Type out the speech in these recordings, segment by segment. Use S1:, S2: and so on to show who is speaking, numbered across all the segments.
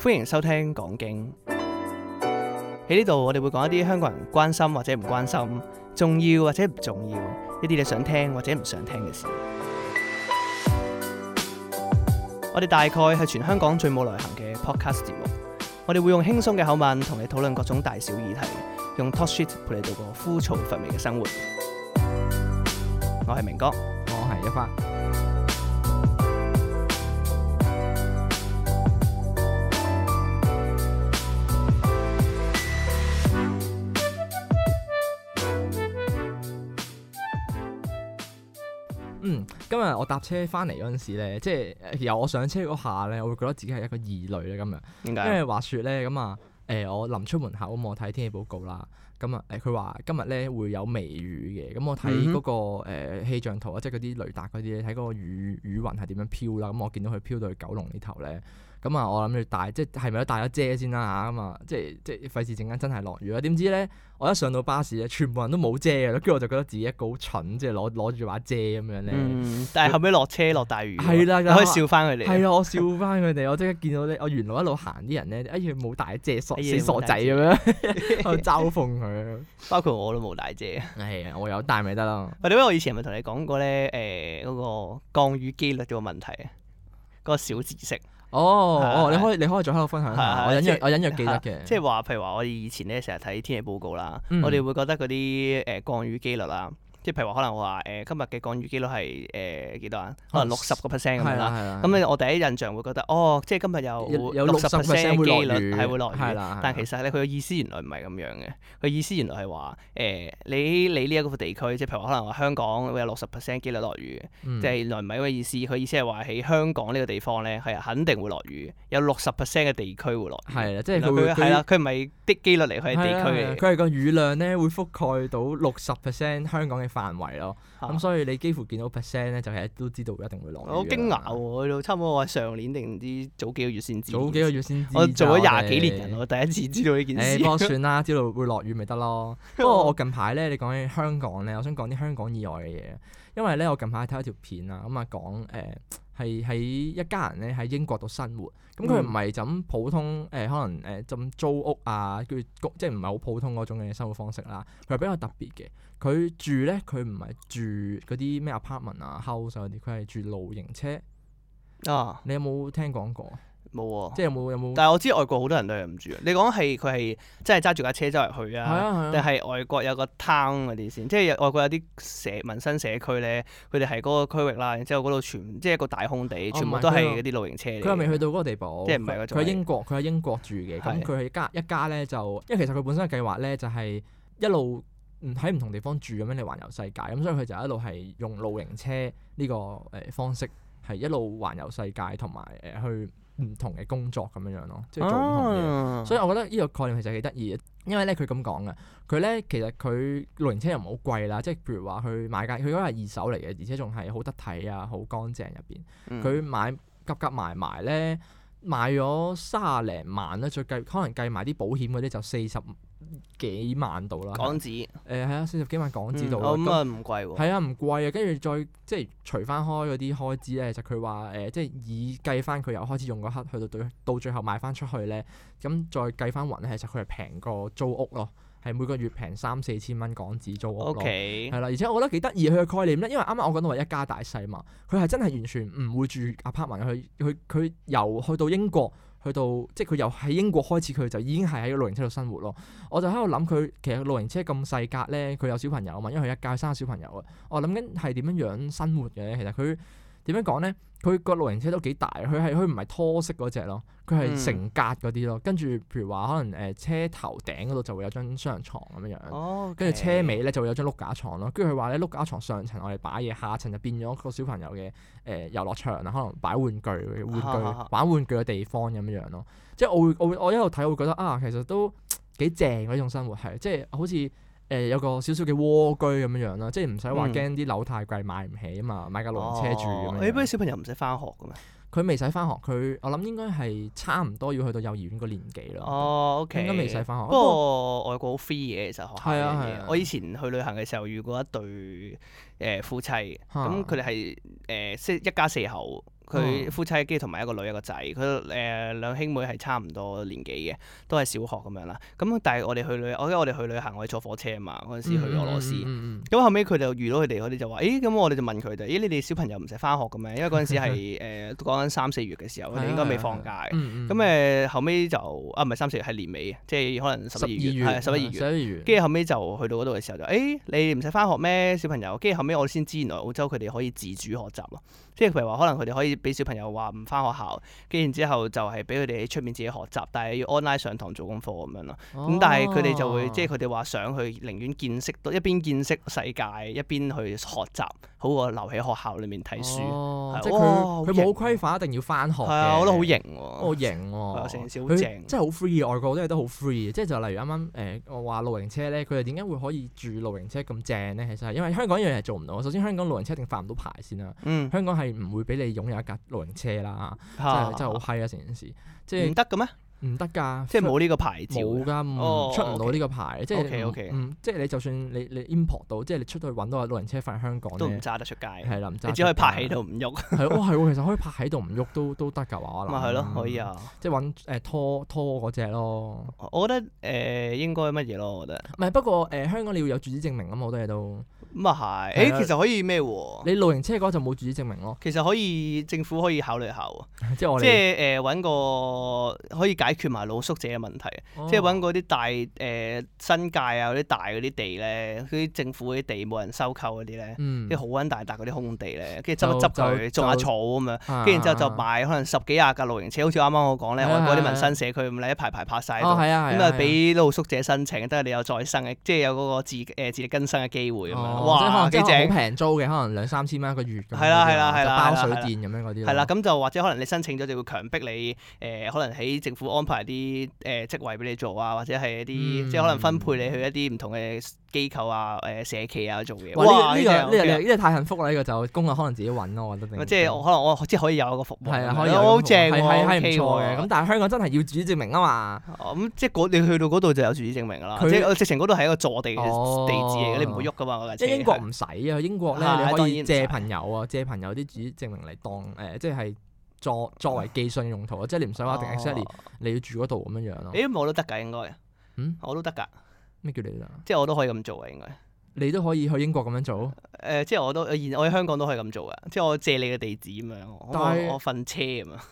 S1: 歡迎收聽《講經》。喺呢度，我哋會講一啲香港人關心或者唔關心，重要或者唔重要，一啲你想聽或者唔想聽嘅事。我哋大概係全香港最冇內涵嘅 podcast 節目。我哋會用輕鬆嘅口吻同你討論各種大小議題，用 talk shit 陪你度過枯燥乏味嘅生活。我係明哥，我
S2: 係一發。我搭車翻嚟嗰陣時咧，即係由我上車嗰下咧，我會覺得自己係一個異類咧咁樣。點解？因為話説咧咁啊，誒我臨出門口我望睇天氣報告啦，咁啊誒佢話今日咧會有微雨嘅，咁我睇嗰個誒氣象圖啊，嗯、哼即係嗰啲雷達嗰啲咧，睇嗰個雨雨雲係點樣飄啦，咁我見到佢飄到去九龍呢頭咧。咁啊，我諗住帶，即係係咪都帶咗遮先啦吓，咁啊，即係即係費事陣間真係落雨啊！點知咧，我一上到巴士咧，全部人都冇遮嘅啦，跟住我就覺得自己一個好蠢，即係攞攞住把遮咁樣咧、嗯。但係後尾落車落大雨，的我你可以笑翻佢哋。係啊，我笑翻佢哋，我即 刻見到咧，我原來一路行啲人咧，哎呀冇帶遮，傻、哎、傻仔咁樣， 我嘲諷佢， 包括我都冇帶遮。係啊、哎，我有帶咪得咯。或者我以前咪同你講過咧，
S1: 誒、呃、嗰、那個降雨機率嘅問題，嗰、那個小知識。哦，哦的，你可以，
S2: 你可以再喺度分享下，的我隱約，的我隱約，的約記得嘅，即
S1: 係話，譬如話我哋以前咧成日睇天氣報告啦，嗯、我哋會覺得嗰啲誒降雨機率啦。即係譬如話，可能話誒，今日嘅降雨機率係誒幾多啊？可能六十個 percent 咁樣啦。咁咧，我第一印象會覺得，哦，即係今日有六十 percent 嘅機率係會落雨。係啦，但其實咧，佢嘅意思原來唔係咁樣嘅。佢意思原來係話誒，你你呢一個地區，即係譬如話可能話香港會有六十 percent 機率落雨，即係原來唔係咁嘅意思。佢意思係話喺香港呢個地方咧係肯定會落雨，有六十 percent 嘅地區會落雨。係
S2: 啦，即係佢啦，佢唔係啲機率嚟，佢係地區嘅。佢係個雨量咧會覆蓋到六十 percent 香港嘅範圍咯，咁、啊、所以你幾乎見到 percent 咧，就係都知道一定會落雨。我好驚
S1: 訝喎，我吧差唔多我係上年定唔知早幾個月先知。早幾個月先知，我做咗廿幾年人，我，們我第一次知道呢件事，哎。不過算
S2: 啦，知道會落雨咪得咯。 不過我近排咧，你講起香港咧，我想講啲香港以外嘅嘢，因為咧我近排睇一條片啊，咁啊講誒。係喺一家人咧喺英國度生活，咁佢唔係就咁普通誒、嗯呃，可能誒咁、呃、租屋啊，跟住即係唔係好普通嗰種嘅生活方式啦。佢係比較特別嘅，佢住咧佢唔係住嗰啲咩 apartment 啊 house 啊啲，佢係住露營車。啊！你有冇聽講過？
S1: 冇喎，即係冇，有冇？但係我知外國好多人都係唔住嘅。你講係佢係真係揸住架車周圍去啊？係啊，係啊。定係外國有個 town 嗰啲先，即係外國有啲社民生社區咧，佢哋係嗰個區域啦。然之後嗰度全即係一個大空地，全部都係啲露營車。佢又未去到嗰個地步，即係唔係佢喺英國，
S2: 佢喺英，英國住嘅。咁佢係家一家咧，就因為其實佢本身嘅計劃咧，就係一路唔喺唔同地方住咁樣嚟環遊世界。咁、嗯、所以佢就一路係用露營車呢個誒方式，係一路環遊世界同埋誒去。唔同嘅工作咁樣樣咯，即係做唔同嘢，ah, 所以我覺得呢個概念其實幾得意，因為咧佢咁講嘅，佢咧其實佢露營車又唔好貴啦，即係譬如話去買架，佢嗰係二手嚟嘅，而且仲係好得體啊，好乾淨入邊。佢、嗯、買急急埋埋咧，買咗三十零萬啦，再計可能計埋啲保險嗰啲就四十幾萬度啦，港紙誒，係啊，四十幾萬港紙度啦，咁啊唔貴喎，係啊唔貴啊，跟住再即係除翻開嗰啲開支咧，其實佢話誒即係以計翻佢由開始用嗰刻去到最到最後賣翻出去咧，咁再計翻勻咧，其實佢係平過租屋咯，係每個月平三四千蚊港紙租屋 OK，係啦，而且我覺得幾得意佢嘅概念咧，因為啱啱我講到話一家大細嘛，佢係真係完全唔會住 apartment，佢佢佢由去到英國。去到即係佢由喺英國開始，佢就已經係喺個露營車度生活咯。我就喺度諗佢，其實露營車咁細格咧，佢有小朋友啊嘛，因為佢一家生小朋友啊。我諗緊係點樣樣生活嘅咧，其實佢。點樣講咧？佢個露營車都幾大，佢係佢唔係拖式嗰隻咯，佢係成格嗰啲咯。嗯、跟住，譬如話可能誒車頭頂嗰度就會有張雙人牀咁樣樣，哦 okay、跟住車尾咧就會有張碌架床咯。跟住佢話咧，碌架床上層我哋擺嘢，下層就變咗個小朋友嘅誒、呃、遊樂場啦，可能擺玩具、玩具擺玩具嘅 地方咁樣樣咯。 即係我會我會我一路睇會覺得啊，其實都幾正嗰一種生活，係即係好似。誒、呃、有個小小嘅蝸居咁樣樣啦，即係唔使話驚啲樓太貴買唔起啊嘛，買架露營車住咁樣。誒、哦，嗰啲小朋友唔使返學嘅咩？佢未使返學，佢我諗應該係差唔多要去到幼兒園個年紀啦。哦
S1: ，OK，應該未使返學。不過外國好 free 嘅其實學校。係啊係啊！啊我以前去旅行嘅時候遇過一對誒、呃、夫妻，咁佢哋係誒即係一家四口。佢夫妻跟住同埋一個女一個仔，佢誒、呃、兩兄妹係差唔多年紀嘅，都係小學咁樣啦。咁但係我哋去旅，我因為我哋去旅行，我哋坐火車啊嘛，嗰陣時去俄羅斯。咁、嗯嗯嗯嗯、後尾佢就遇到佢哋，我哋就話：，誒，咁我哋就問佢哋，咦，你哋小朋友唔使翻學嘅咩？因為嗰陣時係都講緊三四月嘅時候，佢哋應該未放假嘅。咁誒後尾就啊，唔係三四月係年尾即係可能十二月十一月。十一月。跟住月後尾就去到嗰度嘅時候就，誒，你唔使翻學咩小朋友？跟住後尾我先知，原來澳洲佢哋可以自主學習咯。即係譬如話，可能佢哋可以俾小朋友話唔翻學校，跟然之後就係俾佢哋喺出面自己學習，但係要 online 上堂做功課咁樣咯。咁但係佢哋就會，啊、即係佢哋話想去，寧願見識到，一邊見識世界，一邊去學習，好過留喺學校
S2: 裏面睇書。哦、即係佢，冇、哦、規範一定要翻學。係啊，我覺得好型喎，好型喎，成件事好正。即係好 free，外國啲嘢都好 free。即係就例如啱啱我話露營車咧，佢哋點解會可以住露營車咁正咧？其實係因為香港一樣嘢做唔到。首先香港露營車一定發唔到牌先啦。香港係。唔會俾你擁有一架露營車啦，真係真係好嗨啊！成件事，即係唔得嘅咩？唔得㗎，即係冇呢個牌照嘅，出唔到呢個牌。即係嗯，即係你就算你你 import 到，即係你出去揾到個露營車翻嚟香港，都唔揸得出街。係啦，你只可以泊喺度唔喐。係其實可以泊喺度唔喐都都得㗎話。咪係咯，可以啊。即係揾拖拖嗰隻咯。我覺得誒應該乜嘢咯？我覺得。唔係，不過誒香港你要有住址證明咁好多嘢都。咁啊係，誒其實可以咩喎？你露營車嘅話就冇住址證明咯。其實可以政府可以考慮下喎，即係
S1: 誒揾個可以解決埋露宿者嘅問題，即係揾嗰啲大誒新界啊嗰啲大嗰啲地咧，嗰啲政府嗰啲地冇人收購嗰啲咧，啲好揾大笪嗰啲空地咧，跟住執一執佢種下草咁樣，跟住然之後就買可能十幾廿架露營車，好似啱啱我講咧，香港啲民生社區咁嚟一排排拍晒泊曬，咁啊俾露宿者申請，都係你有再生嘅，即係有嗰個自誒自力更生嘅機會咁樣。或者可能哇！即係好平
S2: 租嘅，可能兩三千蚊一個月咁。係啦，係啦，係啦，包水電咁樣嗰啲。係啦，咁
S1: 就或者可能你申請咗就會強迫你誒，可能喺政府安排啲誒職位俾你做啊，或者係一啲、嗯、即係可能分配你去一啲唔同嘅。機構啊，誒社企啊，做嘢。哇！呢個呢個呢
S2: 個太幸福啦！呢個就工人可能自己揾咯，我覺得。即係
S1: 可能我即係可以有個服
S2: 務，有好正喎，係係唔錯嘅。咁但
S1: 係香港真係要住址證明啊嘛。咁即係你去到嗰度就有住址證明㗎啦。佢直情嗰度係一個坐地地址嚟嘅，你唔會喐噶嘛？即係英國
S2: 唔使啊，英國咧你可以借朋友啊，借朋友啲住址證明嚟當誒，即係作作為寄信用途，即係你唔使話一定 e x c 你要住嗰度咁樣樣咯。咦，
S1: 我都得㗎，應該。嗯，我都得㗎。
S2: 咩叫你啦？即
S1: 係我都可以咁做啊，應該。
S2: 你都可以去英國咁樣做？
S1: 誒、呃，即係我都，我喺香港都可以咁做嘅。即係我借你嘅地址咁樣是，我我瞓車咁
S2: 啊。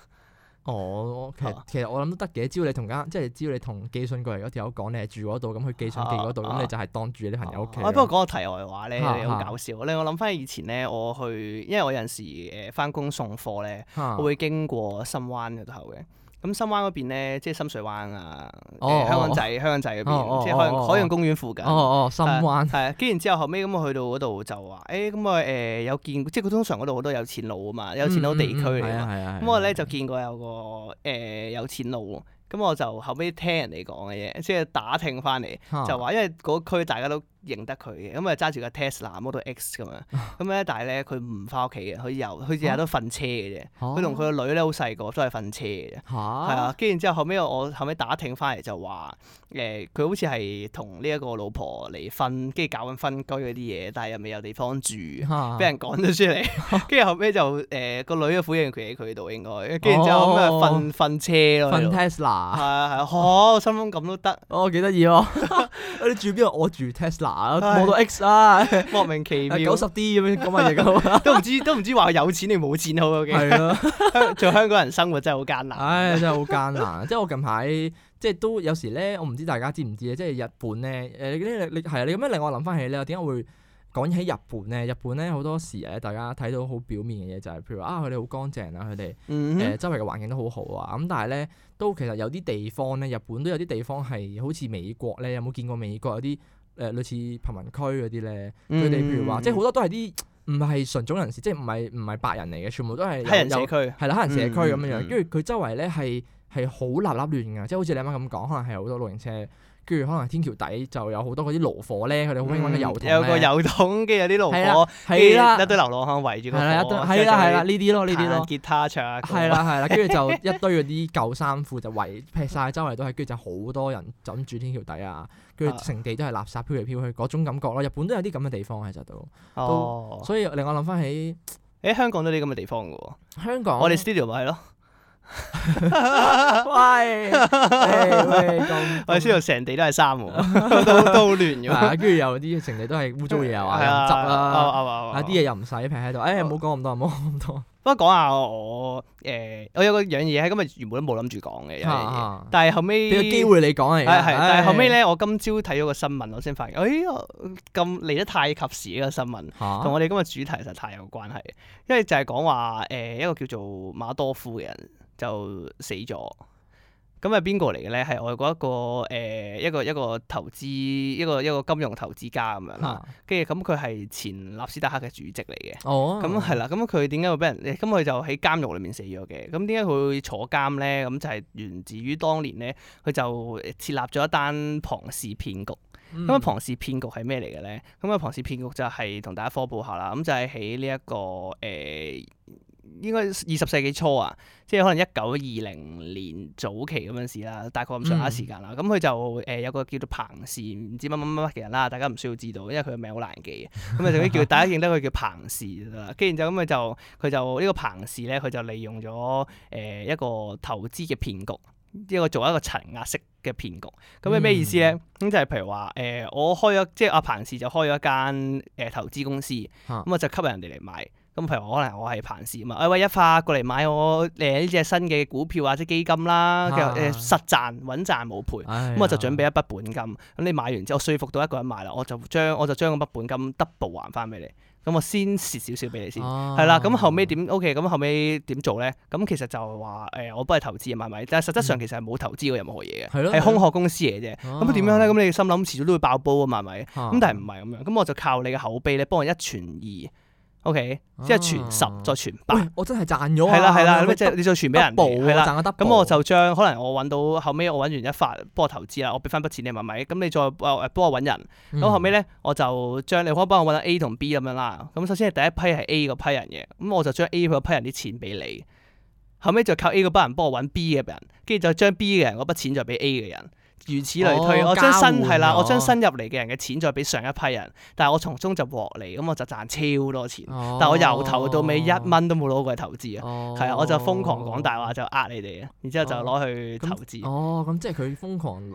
S2: 哦，其實其實我諗都得嘅，只要你同家，即係只要你同寄信過嚟嗰條友講你係住嗰度，咁、啊、去寄信寄嗰度，咁、啊、你就係當住你朋友屋企、啊。不過講個
S1: 題外話咧，好搞笑。啊啊、我諗翻以前咧，我去，因為我有陣時誒翻工送貨咧，啊、我會經過深灣嗰頭嘅。咁深灣嗰邊咧，即係深水灣啊，香港、哦哦欸、仔、香港仔嗰邊，哦哦哦即係海洋公園附近。哦，哦哦，深灣。係啊，跟住之後後尾咁啊，去到嗰度就話，誒咁、啊啊、我誒有見，即係通常嗰度好多有錢佬啊嘛，有錢佬地區嚟㗎。係啊，咁我咧就見過有個誒、呃、有錢佬咁我就後尾聽人哋講嘅嘢，即係打聽翻嚟就話，因為嗰區大家都認得佢嘅，咁啊揸住架 Tesla Model X 咁樣，咁咧但係咧佢唔翻屋企嘅，佢由佢日日都瞓車嘅啫。佢同佢個女咧好細個，都係瞓車嘅。啫。係啊，跟住之後後尾我後尾打聽翻嚟就話，誒佢好似係同呢一個老婆離婚，跟住搞緊分居嗰啲嘢，但係又未有地方住，俾人趕咗出嚟。跟住後尾就誒個女嘅撫養權喺佢度應該，跟住之後咁啊瞓瞓車咯，瞓
S2: Tesla。係啊係啊，好，心諗咁都得，哦幾得意喎！你住邊度？我住 Tesla。冇、啊、到 X 啊， 莫名其妙， 九十 D 咁樣講乜嘢咁，都唔知都唔知話有錢定冇錢好嘅。係咯， 是啊、 做香港人生活真係好艱、哎、艱難。唉，真係好艱難。即係我近排即係都有時咧，我唔知大家知唔知即係日本咧，誒，你你係啊，你咁樣令我諗翻起咧，點解會講起日本咧？日本咧好多時咧，大家睇到好表面嘅嘢就係、是、譬如話啊，佢哋好乾淨啊，佢哋、嗯哼 呃、周圍嘅環境都好好啊。咁但係咧，都其實有啲地方咧，日本都有啲地方係好似美國咧，有冇見過美國有啲？誒、呃、類似貧民區嗰啲咧，佢哋、嗯、譬如話，即係好多都係啲唔係純種人士，即係唔係唔係白人嚟嘅，全部都係黑人社區，係啦、嗯，黑人社區咁樣樣，跟住佢周圍咧係係好立立亂㗎，即係好似你啱啱咁講，可能係好多露營車。跟住可能天橋底就有好多嗰啲爐火咧，佢哋好興揾個油桶，有個油桶，跟住有啲爐火，係啦，一堆流浪漢圍住佢。係啦係啦呢啲咯呢啲咯。彈吉他唱。係啦係啦，跟住就一堆嗰啲舊衫褲就圍劈晒周圍都係，跟住就好多人枕住天橋底啊，跟住成地都係垃圾飄嚟飄去嗰種感覺咯。日本都有啲咁嘅地方其實都，所以令我諗翻起誒，香港都有啲咁嘅地方嘅喎。香港我哋 studio 咪係咯。
S1: 喂我哋 s t
S2: 成地都係衫，都 都亂嘅，跟住、啊、有啲成地都係污糟嘢啊，啊啊啊又執啦，啲嘢又唔使平喺度，哎，唔好講咁多，唔好講咁多，
S1: 不過講下我誒，我有個樣嘢喺今日原本都冇諗住講嘅，但係後尾，有個機會你講係、哎，但係後尾咧，我今朝睇咗個新聞，我先發現，哎，咁嚟得太及時啦，呢個新聞同我哋今日主題實太有關係，因為就係講話誒一個叫做馬多夫嘅人。就死咗，咁係邊個嚟嘅咧？係外國一個誒、呃，一個一個投資，一個一個金融投資家咁樣啦。跟住咁佢係前納斯達克嘅主席嚟嘅。哦、啊，咁係啦。咁佢點解會俾人？咁佢就喺監獄裏面死咗嘅。咁點解佢坐監咧？咁就係源自於當年咧，佢就設立咗一單龐氏騙局。咁啊、嗯，龐氏騙局係咩嚟嘅咧？咁啊，龐氏騙局就係、是、同大家科普下啦。咁就係喺呢一個誒。呃應該二十世紀初啊，即係可能一九二零年早期咁樣事啦，大概咁上下時間啦。咁佢、嗯、就誒、呃、有個叫做彭氏，唔知乜乜乜乜其實啦，大家唔需要知道，因為佢嘅名好難記。咁啊、嗯，就叫大家認得佢叫彭氏啦。跟住然之後咁佢就佢就呢、呢個彭氏咧，佢就利用咗誒、呃、一個投資嘅騙局，一個做一個層壓式嘅騙局。咁係咩意思咧？咁、嗯嗯、就係、是、譬如話誒、呃，我開咗即係阿彭氏就開咗一間誒、呃、投資公司，咁我就吸引人哋嚟買。咁譬如我可能我係龐氏啊嘛，哎喂一發過嚟買我誒呢隻新嘅股票或者基金啦，嘅誒、啊、實賺穩賺冇賠，咁、哎、呀我就準備一筆本金。咁、哎、呀你買完之後，說服到一個人買啦，我就將我就將嗰筆本金 double 還翻俾你。咁我先蝕少少俾你先，係、啊、啦。咁後尾點？O K，咁後尾點做咧？咁其實就係話、欸、我幫你投資啊嘛，咪？但係實質上其實係冇投資過任何嘢嘅，係、嗯、的空殼公司嚟啫。咁點、啊、樣咧？咁你心諗遲早都會爆煲是是啊嘛，咪？咁但係唔係咁樣，咁我就靠你嘅口碑咧，幫我一傳二。OK，啊、即係傳十再傳百，
S2: 我真係賺咗啊！係啦係啦，你再你再傳俾人，係啦賺個得，咁我
S1: 就將可能我搵到後尾，我搵完一發幫、呃、我投資啦，我俾翻筆錢你咪咪，咁你再誒幫我搵人，咁後尾咧我就將你可以幫我搵到 A 同 B 咁樣啦，咁首先係第一批係 A 嗰批人嘅，咁我就將 A 嗰批人啲錢俾你，後尾就靠 A 嗰班人幫我搵 B 嘅人，跟住就將 B 嘅人嗰筆錢就俾 A 嘅人。如此類推，我將新係啦，我將新入嚟嘅人嘅錢再俾上一批人，但係我從中就獲利，咁我就賺超多錢。但係我由頭到尾一蚊都冇攞過去投資啊，
S2: 係啊，我就瘋狂講大話就
S1: 呃你哋啊，然之後就攞去
S2: 投資。哦，咁即係佢瘋狂誒誒，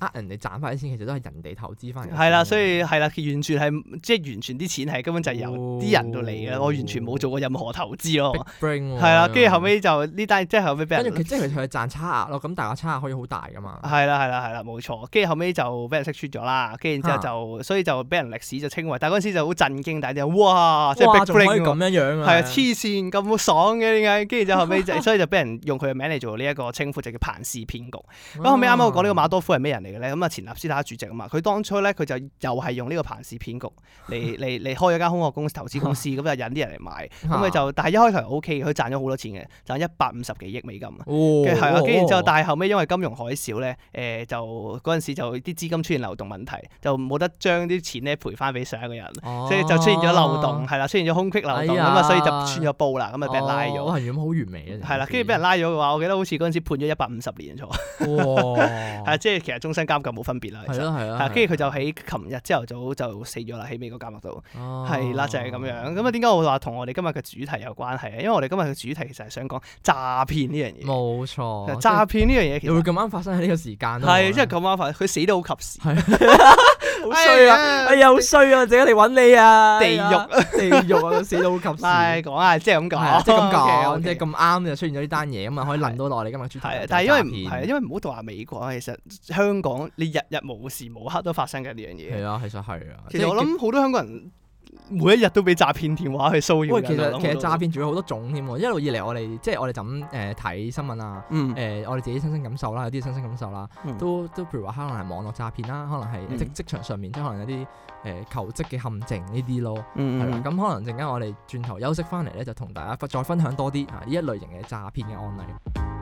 S2: 呃人哋賺翻啲錢，其實都係人哋投資翻嚟。係啦，
S1: 所以係啦，佢完全係即係完全啲錢係根本就係由啲人度嚟嘅，我完全冇做過任何投資
S2: 咯。係啦，跟住後
S1: 尾就呢單即係後尾俾人。即係佢賺差額咯，咁但係個差額可以好大噶嘛。係啦，係。啦，係啦，冇錯。跟住後尾就俾人識穿咗啦。跟住之後就，啊、所以就俾人歷史就稱為。但係嗰時就好震驚大，大家哇，即係 Big Bang 咁樣樣啊，係啊，黐線咁爽嘅點解？跟住就後尾 所以就俾人用佢嘅名嚟做呢一個稱呼，就叫彭氏騙局。咁、啊、後尾啱啱我講呢個馬多夫係咩人嚟嘅咧？咁啊，前立斯打主席啊嘛，佢當初咧佢就又係用呢個彭氏騙局嚟嚟嚟開一間空殼公司、投資公司，咁就引啲人嚟買。咁佢、啊、就，但係一開頭 OK 佢賺咗好多錢嘅，賺一百五十幾億美金啊。係啊、哦，跟住之後，但係後尾因為金融海嘯咧，誒、欸。就嗰陣時就啲資金出現流動問題，就冇得將啲錢咧賠翻俾上一個人，所以就出現咗流動，係啦，出現咗空隙流動咁啊，所以就穿咗煲啦，咁啊，俾人拉咗。哇，
S2: 咁好完美啊！係啦，
S1: 跟住俾人拉咗嘅話，我記得好似嗰陣時判咗一百五十年坐。哇！係即係其實終身監禁冇分別啦。係咯，跟住佢就喺琴日朝頭早就死咗啦，喺美國監獄度。係啦，就係咁樣。咁啊，點解我會話同我哋今日嘅主題有關係咧？因為我哋今日嘅主題其實係想講詐騙呢樣嘢。冇錯，詐騙呢樣
S2: 嘢其實會咁啱發生喺呢個時間。係，真
S1: 係咁啱，佢死得好及時，好衰啊！哎呀，
S2: 好衰啊！自己嚟揾你啊，地獄，地獄啊！死得好及時，講啊，即係咁講，即係咁講，即係咁啱就出現咗呢單嘢啊嘛，可以輪到落嚟今日主題，但係因為唔係因
S1: 為唔好話美國啊，其實香港你日日無時無刻都發生緊呢樣嘢，係啊，其實係啊，其實我諗好多香港人。每一日都俾詐騙電話去騷擾。喂，其實其實詐
S2: 騙仲有好多種添，一路以嚟我哋即係我哋就咁誒睇新聞啊，誒、嗯呃、我哋自己親身感受啦，有啲親身感受啦，嗯、都都譬如話可能係網絡詐騙啦，可能係職職場上面、嗯、即可能有啲誒求職嘅陷阱呢啲咯，係啦、嗯嗯。咁可能陣間我哋轉頭休息返嚟咧，就同大家再分享多啲啊呢一類型嘅詐騙嘅案例。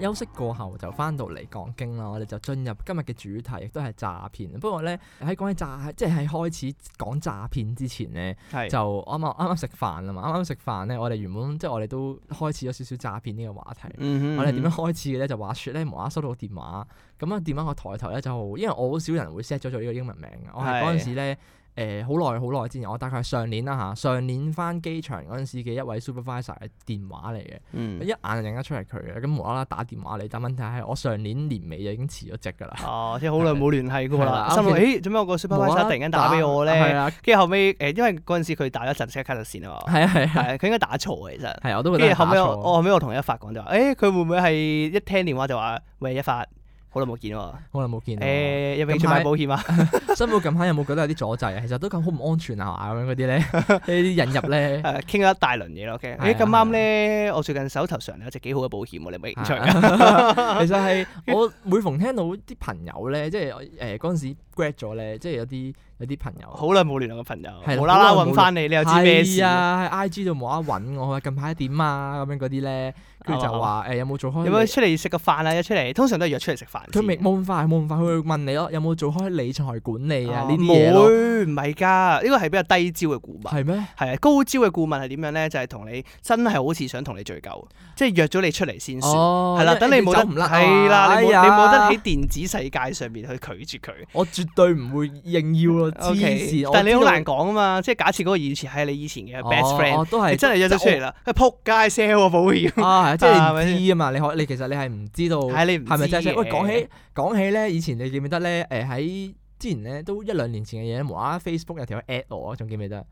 S2: 休息過後就翻到嚟講經啦，我哋就進入今日嘅主題，亦都係詐騙。不過咧喺講起詐，即係喺開始講詐騙之前咧，是就啱啱啱啱食飯啊嘛，啱啱食飯咧，我哋原本即係我哋都開始咗少少詐騙呢個話題。嗯哼嗯哼，我哋點樣開始嘅咧？就話說咧，無啦，收到電話咁啊，電話我抬頭咧，就因為我好少人會 set 咗做呢個英文名啊，我係嗰陣時咧。誒好耐好耐之前，我大概上年啦吓，上年返機場嗰陣時嘅一位 supervisor 嘅電話嚟嘅，嗯、一眼就認得出係佢嘅，咁無啦啦打電話嚟，但問題係我上年年尾就已經辭咗職㗎啦。哦、啊，即係好耐冇聯繫過啦，心諗做咩個 supervisor 突然間打俾我咧？係啊，跟
S1: 住後尾，誒，因為嗰陣時佢打咗陣 skype 嘅線啊嘛。係啊係啊，佢應該打錯其實。
S2: 係啊，我都覺得打錯，跟住後尾我，我
S1: 後尾我同一發講就話，誒、哎、佢會唔會係一聽電話就話喂一發？
S2: 好耐冇見喎，好耐冇見喎。誒，有冇買保險啊？新抱近排有冇覺得有啲阻滯？其實都咁好唔安全啊，咁樣嗰啲咧。誒，引入咧，傾咗一大輪嘢咯。OK，咁啱咧，我最近手頭上有隻幾好嘅保險，你有冇興趣？其實係我每逢聽到啲朋友咧，即係誒嗰陣時 grad 咗咧，即係有啲有啲朋友，好耐冇聯絡嘅朋友，無啦啦揾翻你，你又知咩事啊？喺 I G 度冇得揾我？近排點啊？咁樣嗰啲咧。佢就話：誒，有冇做開？有冇出嚟食個飯啊？有出嚟，通常都係約出嚟食飯。佢冇咁快，冇咁快，佢會問你咯：有冇做開理財管理啊？呢啲嘢咯。唔會，
S1: 唔係㗎。呢個係比較低招嘅顧問。係咩？係啊，高招嘅顧問係點樣咧？就係同你真係好似想同你聚舊，即係約咗你出嚟先算。係啦，等你冇得，係啦，你冇，你冇得喺電子世界上面去拒絕佢。
S2: 我絕對唔會應邀咯。但係你好難
S1: 講啊嘛。即係假設嗰個以前係你以前嘅 best friend，都真係約咗出嚟啦，佢撲
S2: 街 sell 保險。即係唔知啊嘛，你可、啊、你其實你係唔知道係咪真相？喂，講起、啊、講起咧，起以前你記唔記得咧？誒、呃，喺之前咧都一兩年前嘅嘢，無啦啦 Facebook 有條 at 我，仲記唔記得？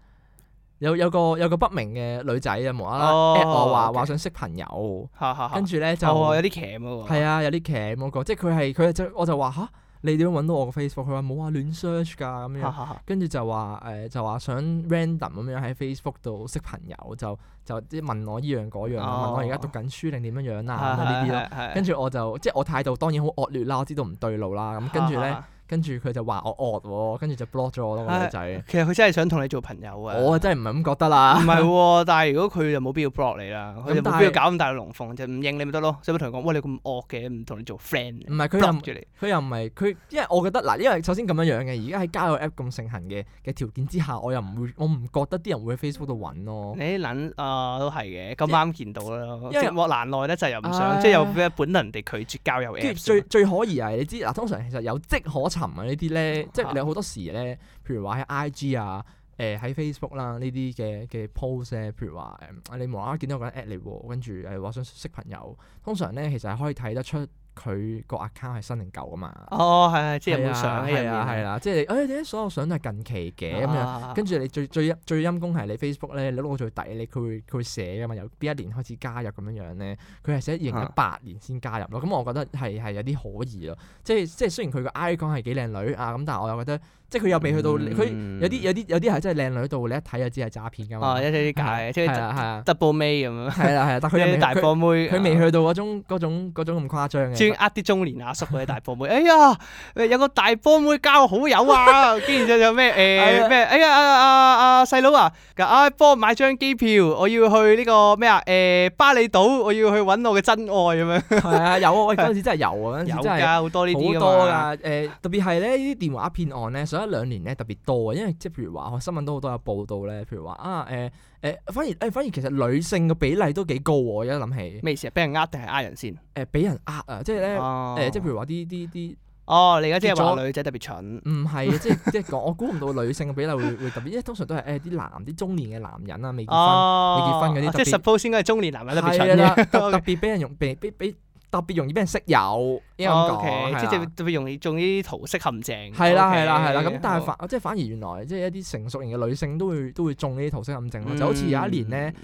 S2: 有有個有個不明嘅女仔啊，無啦啦 at 我話說話 okay. 想識朋友，啊啊啊、跟住咧就有啲邪嘅喎。係啊，啊，有啲邪嗰個，即係佢係佢我就話吓！啊」你點樣揾到我個 Facebook？佢話冇啊，亂 search 㗎咁樣， 跟住就話誒、呃，就話想 random 咁樣喺 Facebook 度識朋友，就就啲問我依樣嗰樣，樣 oh. 問我而家讀緊書定點樣 樣啊咁啊呢啲咯， 跟住我就即係我態度當然好惡劣啦，我知道唔對路啦，咁、嗯、跟住咧。 跟住佢就話我惡喎，跟住就 block 咗我咯、啊、個女仔。其
S1: 實佢真係想同你做朋友嘅、啊。我真係唔係咁覺得啦。唔係喎，
S2: 但係如果佢又冇必要 block 你啦，佢又冇必要搞咁大龍鳳，就唔應你咪得咯。使唔使同佢講？喂，你咁惡嘅，唔同你做 friend 是。唔係佢住你。」佢又唔係佢，因為我覺得嗱，因為首先咁樣樣嘅，而家喺交友 app 咁盛行嘅嘅條件之下，我又唔會，我唔覺得啲人會喺 Facebook 度揾咯。
S1: 你撚啊都係嘅，咁啱見到
S2: 啦。因為寂寞
S1: 難耐咧，就又、是、唔想，哎、即係又本能地拒絕交
S2: 友嘅。最最可疑係、啊、你知嗱，通常其實有跡可循談啊呢啲咧，即係你好多時咧，譬如話喺 IG 啊，誒、呃、喺 Facebook 啦、啊、呢啲嘅嘅 post 咧，譬如話誒、嗯、你無啦啦見到個人 at 你喎、啊，跟住誒話想識朋友，通常咧其實係可以睇得出。佢個 account 係新定舊啊嘛？哦，係係，即係冇相係啊，係啦，即係所有相都係近期嘅咁樣？跟住你最最最陰功係你 Facebook 咧，你攞到最底，你佢會佢會寫噶嘛？由邊一年開始加入咁樣樣咧？佢係寫二零一八年先加入咯。咁我覺得係係有啲可疑咯。即係即係雖然佢個 I 江係幾靚女啊，咁但係我又覺得即係佢又未去到佢有啲有啲有啲係真係靚女到你一睇就知係詐騙噶嘛。即係係 d
S1: o u b l e May 咁樣。係啊係啊，但係妹，佢未去
S2: 到嗰種嗰咁誇張嘅。專呃啲中年
S1: 阿叔嗰啲大波妹， 哎呀，有個大波妹加我好友啊，跟住就有咩誒咩？哎呀，阿阿阿細佬啊，佢、啊啊啊、幫我買張機票，我要去呢、呢個咩啊？
S2: 誒巴厘島，我要去揾我嘅真愛咁樣。係 啊，有啊，喂、哎，嗰陣時真係有啊， 有陣的好多呢啲㗎嘛。誒特別係咧，呢啲電話騙案咧，上一兩年咧特別多，啊，因為即係譬如話，新聞都好多有報道咧，譬如話啊，誒、啊、誒、啊，反而誒反，反而其實女性嘅比例都幾高喎，而家諗起。咩事啊？俾人呃定係呃人先？誒俾、呃、人、就是哦、呃啊！即係咧誒，即係譬如話啲啲啲，哦，你而家即係話女仔特別蠢，唔係啊！即係即係講，我估唔到女性嘅比例會會特別，哦、因為通常都係誒啲男啲中年嘅男人啊，未結婚、哦、未結婚嗰啲，即係 suppose 應該係中年男人特別蠢了 特別俾人用俾俾俾。特別容易俾人識友，因為咁講，即係
S1: 特別容易中呢啲桃色陷阱。係啦係啦係啦，咁但係反
S2: 即係反而原來即係一啲成熟型嘅女性都會都會中呢啲桃色陷阱咯，就好似有一年咧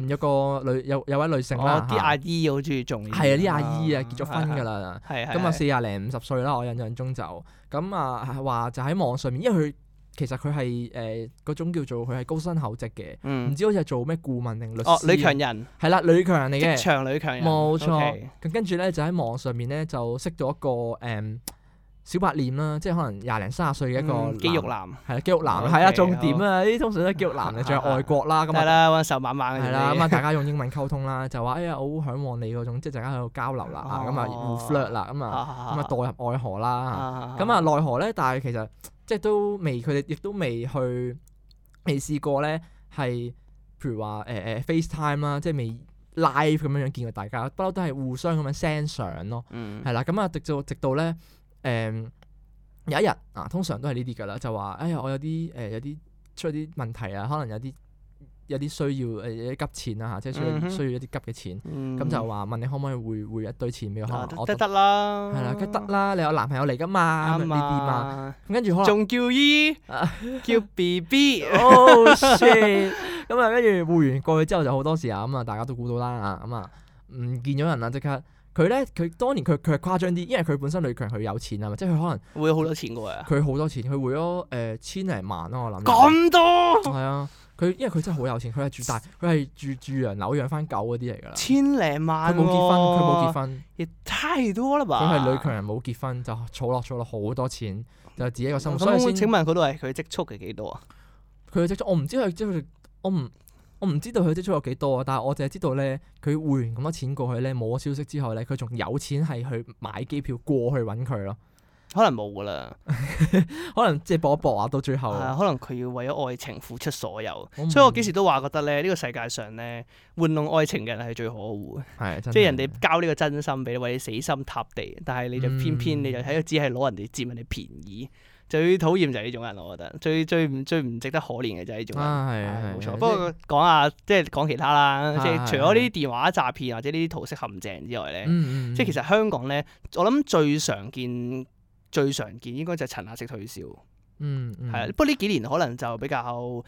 S2: 誒有個女有有位女性啦，啲阿
S1: 姨好中意中
S2: 意，係啊，啲阿姨啊結咗婚㗎啦，咁啊四廿零五十歲啦，我印象中就咁啊話就喺網上面，因為佢。其實佢係誒嗰種叫做佢係高薪厚職嘅，唔知好似係做咩顧問定律師？女強人係啦，女強人嚟嘅，職場女強人冇錯。咁跟住咧就喺網上面咧就識咗一個誒小白臉啦，即係可能廿零三十歲嘅一個肌肉男，係啦，肌肉男係啊，重點啊，
S1: 呢啲通常都係肌肉男嚟，仲有外
S2: 國啦咁啊。係啦，揾十萬萬嘅。係啦，咁啊，大家用英文溝通啦，就話哎呀，我好嚮往你嗰種，即係大家喺度交流啦，咁啊，互 flirt 啦，咁啊，咁啊，墮入愛河啦，咁啊，愛河咧，但係其實。即係都未，佢哋亦都未去，未試過咧係，譬如話誒誒 FaceTime 啦，呃呃、Face Time, 即係未 live 咁樣樣見過大家，不嬲都係互相咁樣 send 相咯，係啦、嗯，咁啊，直到直到咧誒有一日啊，通常都係呢啲㗎啦，就話哎呀，我有啲誒、呃、有啲出咗啲問題啊，可能有啲。有啲需要誒，一啲急錢啦嚇，即係需要一啲急嘅錢，咁就話問你可唔可以匯匯一堆錢俾我？得得啦，係啦，得啦，你有男朋友嚟噶嘛？咁跟住可能仲叫姨，叫 B B，Oh shit！咁啊，跟住匯完過去之後就好多事啊，咁啊，大家都估到啦啊，咁啊，唔見咗人啦，即刻佢咧，佢當年佢佢係誇張啲，因為佢本身女強，佢有錢啊嘛，即係佢可能匯咗好多錢過嚟啊！佢好多錢，佢匯咗誒千零萬咯，我諗咁多係啊！佢因為佢真係好有錢，佢係住大，佢係住住洋樓養翻狗嗰啲嚟噶啦，千零萬，啊。佢冇結婚，佢冇結婚，亦太多啦吧。佢係女強人，冇結婚就儲落儲落好多錢，就自己一個心。嗯、所以請問佢都係佢積蓄係幾多啊？佢嘅積蓄我唔知佢積蓄，我唔我唔知道佢積，積蓄有幾多啊！但係我淨係知道咧，佢匯完咁多錢過去咧冇咗消息之後咧，佢仲有錢係去買機票過去揾佢咯。可能冇噶啦，可能即係搏一搏啊，到最後，係啊，可
S1: 能佢要為咗愛情付出所有，所以我幾時都話覺得咧，呢個世界上咧，玩弄愛情嘅人係最可惡嘅，即係人哋交呢個真心俾你，為你死心塌地，但係你就偏偏你就喺度只係攞人哋佔人哋便宜，最討厭就係呢種人，我覺得最最最唔值得可憐嘅就係呢種人，係啊，冇錯。不過講下即係講其他啦，即係除咗呢啲電話詐騙或者呢啲桃色陷阱之外咧，嗯嗯，即係其實香港咧，我諗最常見。最常見應該就係層壓式推銷，嗯，嗯，係啊，不過呢幾年可能就比較。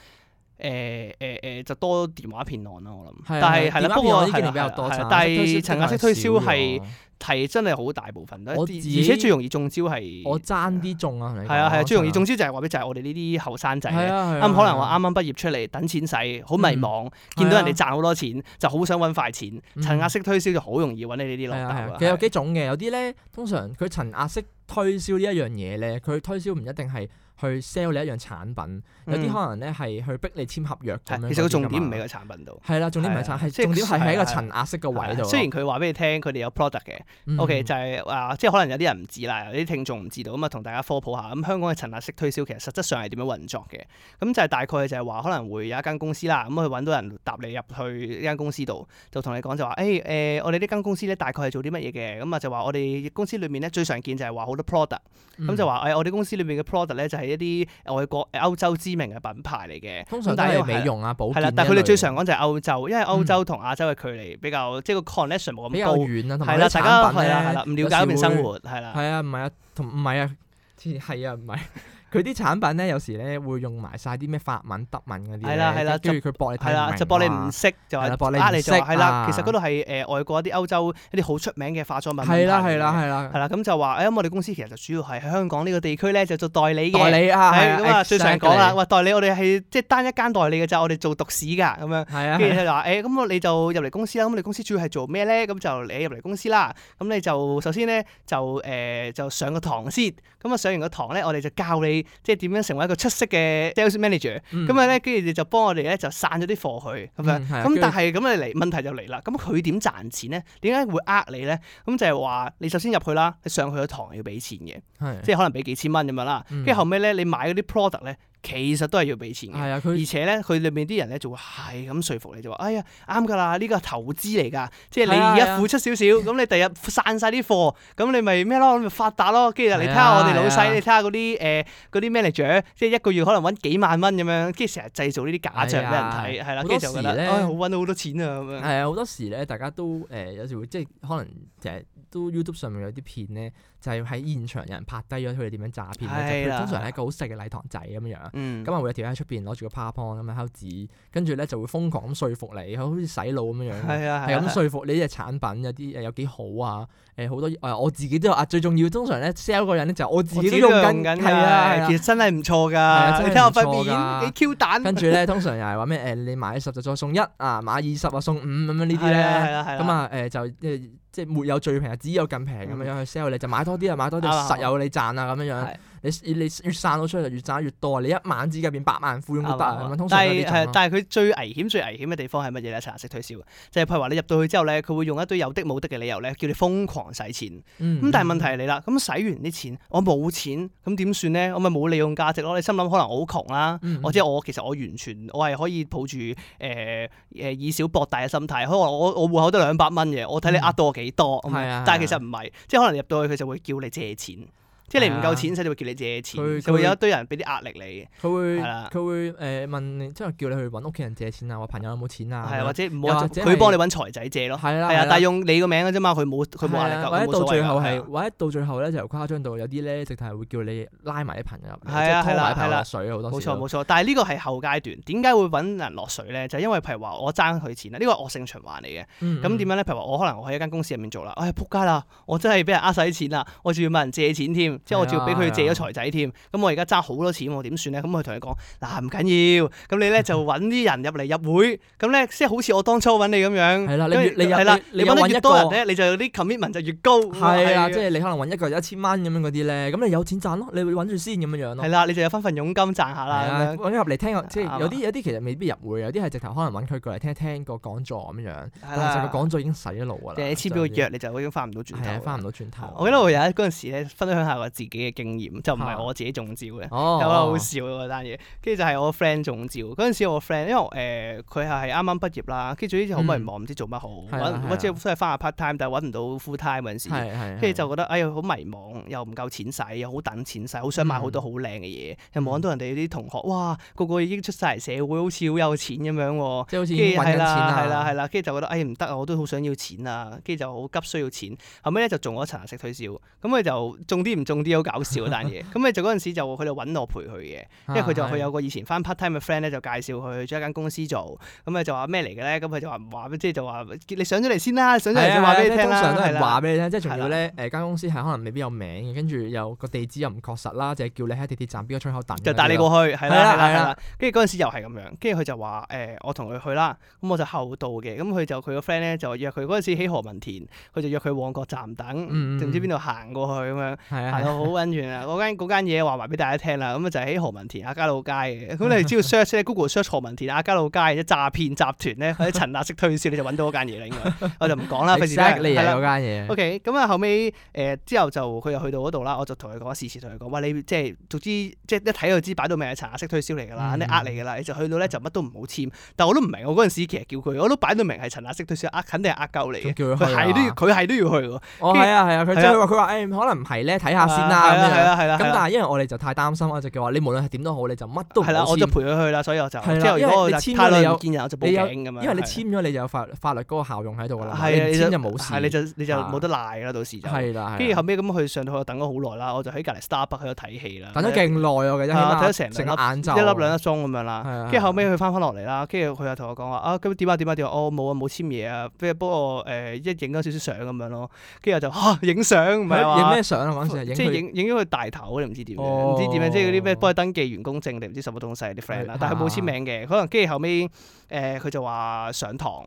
S1: 誒誒誒，就多電話騙案啦，我諗。但係係啦，電話騙案啲比較多。但係層壓式推銷係係真係好大部分都，而且最容
S2: 易中招係我爭啲中啊。係咪？係啊係啊，最容易中
S1: 招就係話俾就係我哋呢啲後生仔。啱可能話啱啱畢業出嚟等錢使，好迷茫，見到人哋賺好多錢，就好
S2: 想揾快錢。層壓式
S1: 推銷就好容易揾你呢啲老豆啦。其實有
S2: 幾種嘅，有啲咧，通常佢層壓式推銷呢一樣嘢咧，佢推銷唔一定係。去 sell 你一樣產品，有啲可能咧係去逼你簽合約、嗯、其實個重點唔喺個產品度。係啦， 重點唔喺產品，係、就是、的重點係喺一個層壓式嘅位度。雖然佢
S1: 話俾你聽，佢哋有 product 嘅、嗯、，OK 就係、是、話、啊，即係可能有啲人唔知啦，有啲聽眾唔知道，咁啊同大家科普下。咁、嗯嗯嗯嗯、香港嘅層壓式推銷其實實質上係點樣運作嘅？咁就係大概就係話可能會有一間公司啦，咁佢揾到人搭你入去呢間公司度，就同你講就話，誒、欸、誒、欸呃，我哋呢間公司咧大概係做啲乜嘢嘅？咁啊就話我哋公司裏面咧最常見就係話好多 product，咁就話誒、哎、我哋公司裏面嘅 product 咧就係、是。一啲外國歐洲知名嘅品牌嚟嘅，通常都係美容啊、保健係啦、啊，的但係佢哋最常講就係歐洲，嗯、因為歐洲同亞洲嘅距離比較，嗯、即係個 connection 冇咁高遠啦、啊，同埋的產品咧，有時會係啦，唔了解嗰邊生活，係啊，唔
S2: 係啊，同唔係啊，係啊，唔係。 佢啲產品咧，有時咧會用埋晒啲咩法文、德文嗰啲咧，係啦係啦，跟住佢搏你睇明，係啦就搏你唔識，就係搏你唔識，係、就、啦、是啊。其實嗰
S1: 度係誒外國一啲歐洲一啲好出名嘅化妝品品牌係啦係啦係
S2: 啦。係啦的，咁就
S1: 話誒，哎、我哋公司其實就主要係香港呢個地區咧，就做代理嘅。代理啊，係咁啊，嗯、最常講啦，話 Exactly. 代理我哋係即係單一間代理嘅咋，就是、我哋做獨市㗎咁樣。跟住佢話誒，咁、哎、你就入嚟公司啦。咁我哋公司主要係做咩咧？咁就你入嚟公司啦。咁你就首先咧就誒、嗯、就上個堂先。咁啊上完個堂咧，我哋就教你。即係點樣成為一個出色嘅 sales manager？咁啊咧，跟住你就幫我哋咧就散咗啲貨去。咁、嗯、
S2: 樣。咁但
S1: 係咁你嚟問題就嚟啦。咁佢點賺錢咧？點解會呃你咧？咁、嗯、就係、是、話你首先入去啦，你上去個堂要俾錢嘅，
S2: 的即係可能
S1: 俾幾千蚊咁樣啦。跟住、嗯、後尾咧，你買嗰啲 product 咧。其實都係要俾錢嘅，哎、而且咧佢裏面啲人咧就會係咁説服你，就話：哎呀，啱㗎啦，呢個係投資嚟㗎，即係你而家付出少少，咁、哎、呀你第日散晒啲貨，咁、哎、呀你咪咩咯，咪發達咯。跟住你睇下我哋老細，哎、呀你睇下嗰啲誒啲 manager，即係一個月可能揾幾
S2: 萬蚊咁樣，跟住成日製造呢啲假象俾人睇，係啦、哎呀。好對多時咧，跟住就覺得好揾到好多錢啊咁樣。係啊、哎，好多時咧，大家都誒有時會即係可能都 YouTube 上面有啲片咧，就係喺現場有人拍低咗佢哋點樣詐騙咧，佢通常係一個好細嘅禮堂仔咁樣，咁啊會有條友喺出邊攞住個 powerpoint 咁啊敲字，跟住咧就會瘋狂咁說服你，好似洗腦咁樣，係係咁說服你啲產品有啲有幾好啊，誒好多我自己都啊最重要，通常咧 sell 嗰人咧就我自己都用緊，係啊，其實真係唔錯噶你睇我份片幾 Q 彈，跟住咧通常又係話咩誒你買十就再送一啊，買二十啊送五咁樣呢啲咧，咁啊誒就即係。即係沒有最平，只有更平咁、嗯、樣去 sell 你，就買多啲啊，買多啲實、嗯、有你賺啊咁樣樣。嗯嗯你你越散出去就越賺越多，你一晚之間變百萬富翁，啊啊啊啊啊、都得，但係但係佢最危險最危險嘅地方係乜嘢咧？層壓式推銷嘅，就係、
S1: 是、譬如話你入到去之後咧，佢會用一堆有的冇得嘅理由咧，叫你瘋狂使錢。咁、嗯、但係問題係你啦，咁使、嗯、完啲錢，我冇錢，咁點算咧？我咪冇利用價值咯。你心諗可能我好窮啦，或者、嗯、我，我其實我完全我係可以抱住誒誒以小博大嘅心態。可能我我戶口得兩百蚊嘅，我睇你呃到我幾多？但係其實唔係，即係可能入到去佢就會叫你借錢。即係你唔夠錢使，就會叫你借錢，就會有一堆人俾啲壓力你。佢會係啦，
S2: 佢會誒問，即係叫你去揾屋企人借錢啊，話朋友有冇錢啊，或者唔好話佢幫你揾財仔借咯。係啦，係啊，但係用你個名嘅啫嘛，佢冇佢壓力大啊，冇所謂。或者到最後係，或者到最後咧就誇張到有啲咧，直頭係會叫你拉埋啲朋友，即係拖埋啲落水好多時。冇錯冇錯，
S1: 但係呢個係後階段，點解會揾人落水咧？就係因為譬如話我爭佢錢啊，呢個惡性循環嚟嘅。咁點樣咧？譬如話我可能我喺一間公司入面做啦，哎呀撲街啦，我真係俾人呃晒啲錢啦，我仲要問人借錢添。即係我照俾佢借咗財仔添，咁我而家揸好多錢喎，點算咧？咁我同佢講嗱，唔緊要，咁你咧就揾啲人入嚟入會，咁咧即係好似我當初揾你咁樣。係啦，你揾得越多人咧，
S2: 你就有啲 commitment 就越高。係即係你可能揾一個一千蚊咁樣嗰啲咧，咁你有錢賺咯。你揾住先咁樣樣咯。係啦，你就有返份佣金賺下啦。係啊，入嚟聽，即係有啲有啲其實未必入會，有啲係直頭可能揾佢過嚟聽聽個講座咁樣。係啦。但係講座已經洗路噶啦。即係你簽咗個約，你就已經翻唔到轉頭。翻唔到轉頭。
S1: 我記得我有嗰陣時分享下。自己嘅經驗就唔係我自己中招嘅，有個好笑嗰單嘢，跟住就係我 friend 中招。嗰陣時我 friend 因為誒佢係啱啱畢業啦，跟住仲要好迷茫，唔知做乜好，揾或者想翻下 part time，但係揾唔到 full time 嗰陣時，跟住就覺得哎呀好迷茫，又唔夠錢使，又好等錢使，好想買好多好靚嘅嘢，又望到人哋啲同學，哇個個已經出晒嚟社會，好似好有錢咁樣，跟住係啦係啦係啦，跟住就覺得哎唔得啊，我都好想要錢啊，跟住就好急需要錢，後尾咧就中咗一層壓式推銷，咁佢就中啲唔中。啲好搞笑嗰單嘢，咁咪就嗰陣時就佢哋揾我陪佢嘅，因為佢就佢有個以前翻 part time 嘅 friend 咧，就介紹佢去喺間公司做，咁佢就話咩嚟嘅咧？咁佢就話話俾即係就話，你上咗嚟
S2: 先啦，上咗嚟先話俾你聽啦。通常都係話俾你聽，即係仲要咧誒間公司係可能未必有名嘅，跟住又個地址又唔確實啦，就係叫你喺地鐵站邊個出口等，就帶你過去，係啦係啦，跟住
S1: 嗰陣時又係咁樣，跟住佢就話誒我同佢去啦，咁我就後道嘅，咁佢就佢個 friend 咧就約佢嗰陣時喺何文田，佢就約佢旺角站等，定唔知邊度行過去咁樣。好揾完啦，嗰、 哦、間嘢話埋俾大家聽啦，咁、嗯、啊就喺、是、何文田阿加 家老街嘅。咁你只要 search Google search 何文田亞皆老街，一詐騙集團咧，喺 層壓式推銷你就揾到嗰間嘢啦，應該。我就唔講啦，費事你你又嗰間嘢。OK，咁、嗯、啊後尾，誒之後就佢又去到嗰度啦，我就同佢講，事前同佢講話，你，你即係總之即係一睇就知擺到明係層壓式推銷嚟㗎啦，嗯、你呃你㗎啦，你就去到咧就乜都唔好簽。但我都唔明，我嗰陣時其實叫佢，我都擺到明係層壓式推銷，
S2: 呃肯定係呃鳩嚟嘅。叫佢去係都要，佢係都要去喎。啊係啊，佢就話佢話誒，可能唔啊！係啦，係啦，咁但係因為我哋就太擔心，我就叫話你無論係點都好，你就乜都唔好簽我就陪佢去啦，所以我就之啦，因為你簽你有，你有，因為你簽咗你就有法法律嗰個效用喺度啦。係啊，簽就冇事。你就你就冇得賴啦，到時就係啦。跟住後尾，咁佢上到去，我
S1: 等咗好耐啦，我就喺隔離 Starbucks 去睇戲啦。等咗勁
S2: 耐我記得，睇咗成粒一粒兩粒
S1: 鐘咁樣啦。跟住後尾，佢翻返落嚟啦，跟住佢又同我講話啊，咁點啊點啊點啊，哦冇啊冇簽嘢啊，即係幫我一影咗少少相咁樣咯。跟住就嚇影相影咩相啊？嗰陣時影。影影咗佢大頭，你唔知點樣，唔、哦、知點樣，即係嗰啲咩幫佢登記員工證，定唔知什麼東西啲 friend 啦，但係佢冇簽名嘅。啊、可能跟住後尾誒佢就話上堂。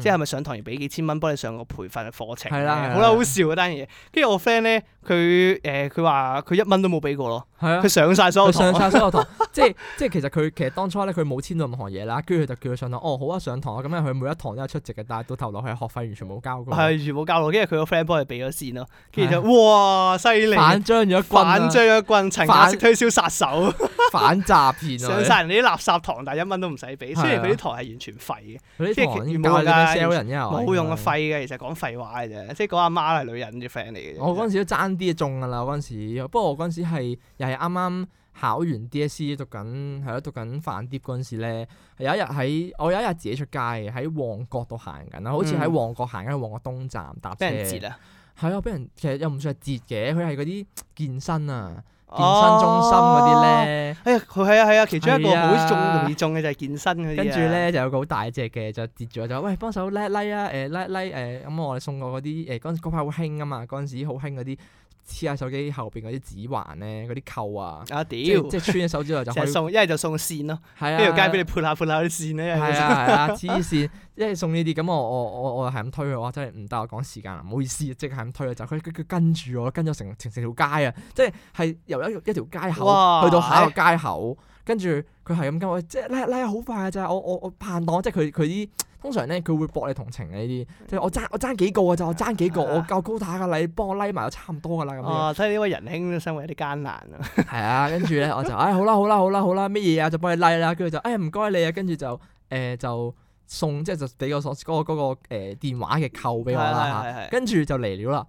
S1: 即係係咪上堂而俾幾千蚊幫你上個培訓嘅課程？係啦，好啦，好笑嘅單嘢。跟住我 friend 咧，佢誒
S2: 佢話佢一蚊都冇俾過咯，佢上晒所有上曬所有堂，即係即係其實佢其實當初咧佢冇簽到任何嘢啦，跟住佢就叫佢上堂，哦，好啊，上堂咁樣佢每一堂都有出席嘅，但係到頭落去學費完全冇交過，係完全冇交過。跟住佢個 friend 幫佢俾咗線咯。跟住就，哇，犀
S1: 利，反將咗軍，反將咗軍，陳亞推
S2: 銷殺手，反詐騙上晒
S1: 人哋啲垃圾堂，但係一蚊都唔使俾，雖然佢啲堂係完全廢嘅，佢啲 sell 人因為冇用個廢嘅，其實講廢話嘅啫，即係講阿媽係女人嘅 friend 嚟嘅。
S2: 我嗰陣時都爭啲就中㗎喇，嗰陣時。不過我嗰陣時係又係啱啱考完 DSE，讀緊係咯，讀緊飯碟嗰陣時咧，有一日喺我有一日自己出街，喺旺角度行緊啦，好似喺旺角行緊，旺角東站搭車。俾、嗯、人截啊！係啊，俾人其實又唔算係截嘅，佢係嗰啲健身啊。健身中心嗰啲咧，哎呀，佢係啊係啊，其中一個好中容易中嘅就係健身嗰啲，跟住咧就有個好大隻嘅就跌咗，就話喂，幫手 like 啊，誒 like like 誒，咁、哎哎嗯、我哋送過嗰啲誒嗰陣時嗰排好興啊嘛，嗰陣時好興嗰啲。黐下手機後邊嗰啲指環咧，嗰啲扣啊，啊即係穿咗手指落就可以送，一係就送線咯，呢條街俾你潑下潑下啲線咧，係啊係啊，黐、啊、線、啊，一係送呢啲，咁我我我我係咁推佢，我真係唔得，我趕時間啦，唔好意思，即係咁推佢就佢佢跟住我，我，我，跟咗成成條街啊，即係係由一一條街口去哇到下一個街口，哇 跟住佢係咁跟我，即係拉拉好快啊。就咋，我我我拍檔即係佢佢啲。通常咧佢會博你同情嘅呢啲，即係我爭我爭幾個啊！就我爭幾個，啊、我夠 quota 㗎啦你幫我拉埋，我差唔多噶啦咁。啊、樣哦，
S1: 所以呢位仁兄生活有啲艱
S2: 難 啊。係啊，跟住咧我就誒、 哎、好啦好啦好啦好啦乜嘢啊，就幫你拉、like，啦。跟住就誒唔該你啊，跟住就誒、呃、就送即係就俾我鎖嗰個嗰、那個那個呃、電話嘅扣俾我啦跟住、， 啊、就嚟料啦，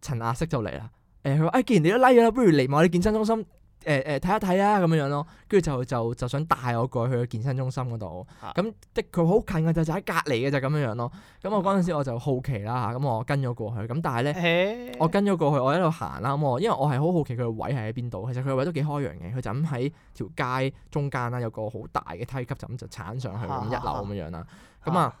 S2: 陳亞色就嚟啦。誒佢話誒，既然你都拉咗啦，不如嚟埋我啲健身中心。誒誒睇一睇啊，咁樣樣咯，跟住就就就想帶我過去去健身中心嗰度，咁、啊、的確好近嘅，就就喺隔籬嘅就咁樣樣咯。咁我嗰陣時我就好奇啦嚇，咁我跟咗過去，咁但係咧、欸、我跟咗過去，我喺度行啦，我因為我係好好奇佢個位係喺邊度。其實佢個位都幾開揚嘅，佢就咁喺條街中間啦，有個好大嘅梯級就咁就鏟上去咁、啊、一樓咁樣啦，咁啊。啊啊啊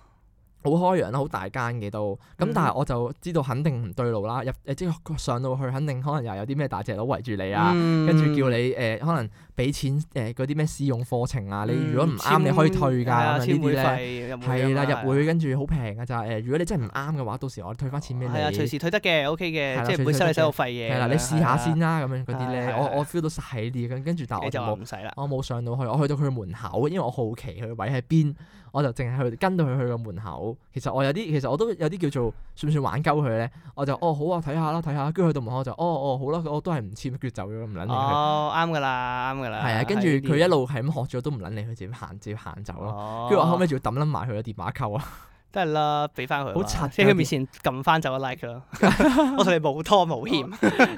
S2: 好開揚啦，好大間嘅都。咁但係我就知道肯定唔對路啦。入即上到去，肯定可能又有啲咩大隻佬圍住你啊，跟住叫你誒可能俾錢誒嗰啲咩試用課程啊。你如果唔啱，你可以退㗎。呢啲咧係啦，入會跟住好平㗎咋誒。如果你真係唔啱嘅話，到時我退翻錢俾你。係啊，隨時退
S1: 得嘅，OK 嘅，即係唔會收你手續費嘅。係啦，你試下先啦，咁樣嗰啲咧，我
S2: 我 feel 到係啲咁，跟住但我就冇，我冇上到去，我去到佢門口，因為我好奇佢位喺邊。我就淨係去跟到佢去個門口，其實我有啲其實我都有啲叫做算唔算玩鳩佢咧？我就哦好啊，睇下啦睇下，跟住、啊、去到門口我就哦哦好啦、啊，我都係唔簽，跟住走咗唔撚理佢。哦，
S1: 啱噶啦，啱噶啦。係啊，跟住佢一路
S2: 係咁學咗都唔撚理佢，直接行，直接行走咯。跟住、哦、我後尾仲要抌撚埋佢個電話卡啊。
S1: 都係啦，俾翻佢，即係佢面前撳翻就個 like 咯。
S2: 我同你無拖無欠，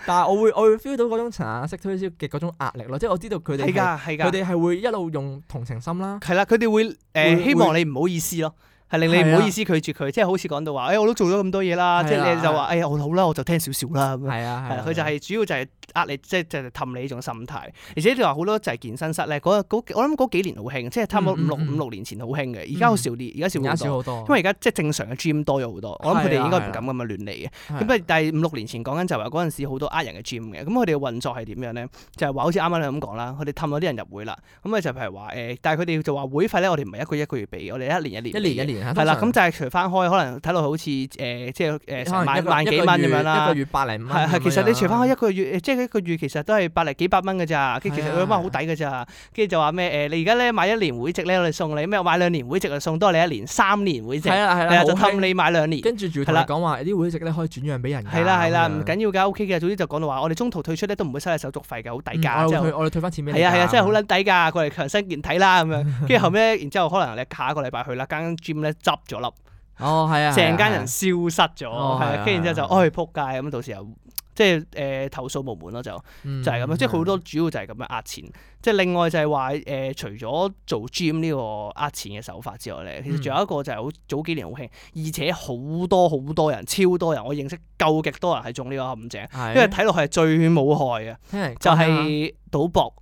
S2: 但係我會我會 feel 到嗰種層壓式推銷嘅嗰種壓力咯，即係我知道佢哋係㗎係㗎，佢哋係會一路用同情心啦。係啦，佢哋會誒希望你唔好意思咯，係令你唔好意思拒絕佢，即係好
S1: 似講到話，誒我都做咗咁多嘢啦，即係你就話，哎我好啦，我就聽少少啦咁。係啊係啊，佢就係主要就係。壓力即係即係氹你呢種心態，而且你話好多就係健身室咧，嗰、那、嗰、個、我諗嗰幾年好興，即係差唔多五六五六年前好興嘅，而家好少啲，而家少好多。多因為而家即係正常嘅 gym 多咗好多，我諗佢哋應該唔敢咁樣亂嚟嘅。咁啊，啊但係五六年前講緊就係話嗰陣時好多呃人嘅 gym 嘅，咁佢哋運作係點樣咧？就係、是、話好似啱啱你咁講啦，佢哋氹咗啲人入會啦，咁啊就譬如話誒，但係佢哋就話會費咧，我哋唔係一個一個月俾我哋一,一,一,一,一年一年。一年一年嚇。係啦，咁就係除翻開可能睇落好似誒即係誒萬萬幾蚊咁樣啦，一個月百零蚊。其實你除翻開一個月一個月其實都係百零幾百蚊嘅咋，跟住其實佢啲乜好抵嘅咋，跟住就話咩誒，你而家咧買一年會籍咧，我哋送你咩買兩年會籍就送多你一年三年會籍，係啊係啊，就氹你買兩年。跟住仲同我講話有啲會籍咧可以轉讓俾人嘅。係啦係啦，唔緊要噶，OK 嘅。總之就講到話，我哋中途退出咧都唔會收你手續費嘅，好抵噶。我哋我哋
S2: 退翻錢俾你。係啊係啊，真係
S1: 好撚抵噶，過嚟強身健體啦咁樣。跟住後尾，然之後可能你下一個禮拜去啦，間 gym 咧執咗笠。哦係啊，成間人消失咗，係啊，跟住然之後就唉仆街咁，到時候。即係誒、呃、投訴部門咯，就就係咁樣，嗯、即係好多主要就係咁樣呃錢。即係另外就係話誒，除咗做 gym 呢個呃錢嘅手法之外咧，嗯、其實仲有一個就係好早幾年好興，而且好多好多人，超多人，我認識夠極多人係中呢個陷阱，的因為睇落係最冇害嘅，的就係賭博。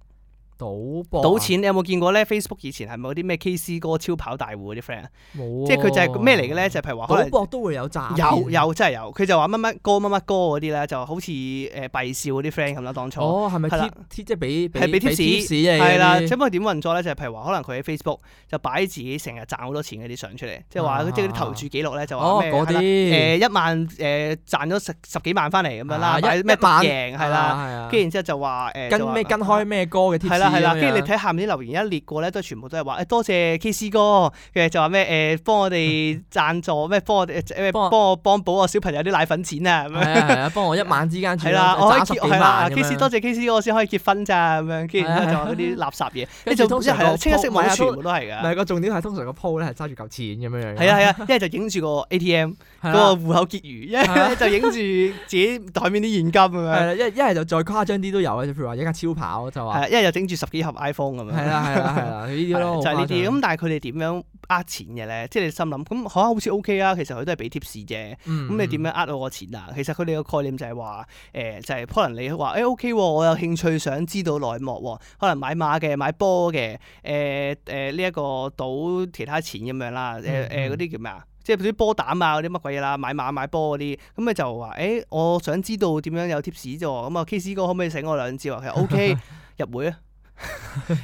S2: 賭博賭錢
S1: 你有冇見過咧？Facebook 以前係咪有啲咩 K C 哥超跑大戶嗰啲 friend
S2: 啊？即係佢就係咩嚟
S1: 嘅咧？就係話賭博
S2: 都會有賺有
S1: 有真係有。佢就話乜乜哥、乜乜哥嗰啲咧，就好似誒幣少嗰啲 friend 咁啦。當初哦，係咪貼，即係俾係俾貼士？係啦，咁啊點運作咧？就係譬如話，可能佢喺 Facebook 就擺自己成日賺好多錢嘅啲相出嚟，即係話即係啲投注記錄咧，就話咩誒一萬誒賺咗十十幾萬翻嚟咁樣啦，咩都贏係啦，跟然之後就話誒跟咩跟開咩哥嘅。啊，係啦，跟住你睇下面啲留言一列過咧，都全部都係話，誒多謝 K C 哥嘅，就話咩誒幫我哋贊助，咩幫我哋誒幫我幫補我小朋友啲奶粉錢啊，係係係，幫我一晚之間，係啦，我可以係啊，K C 多謝 K C 哥先可以結婚咋咁樣，跟住就話啲垃圾嘢，呢就本身係清一色賣啊，全部都係㗎，唔係
S2: 個重點係通常個 po 咧係揸住嚿錢咁樣樣，係啊係啊，
S1: 一係就影住個 ATM 嗰個戶口結餘，一係就影住自己袋面啲現金咁樣，一係一係就再誇張啲都有啊，譬如話一間超跑就話，一係又影十幾盒 iPhone 咁樣， 係啊係啊係啊，呢啲咯就係呢啲咁。但係佢哋點樣呃錢嘅咧？即係你心諗咁，嚇好似 OK 啊。其實佢都係俾 tips 啫。咁、嗯、你點樣呃到我個錢啊？其實佢哋個概念就係話誒，就係、是、可能你話誒、欸、OK、啊、我有興趣想知道內幕、啊，可能買馬嘅、買波嘅，誒誒呢一個賭其他錢咁樣啦。誒誒嗰啲叫咩啊？即係嗰啲波膽啊，嗰啲乜鬼嘢啦，買馬買波嗰啲。咁你就話誒、欸，我想知道點樣有 tips 啫。咁啊，KC 哥可唔可以醒我兩字話佢 OK 入會啊。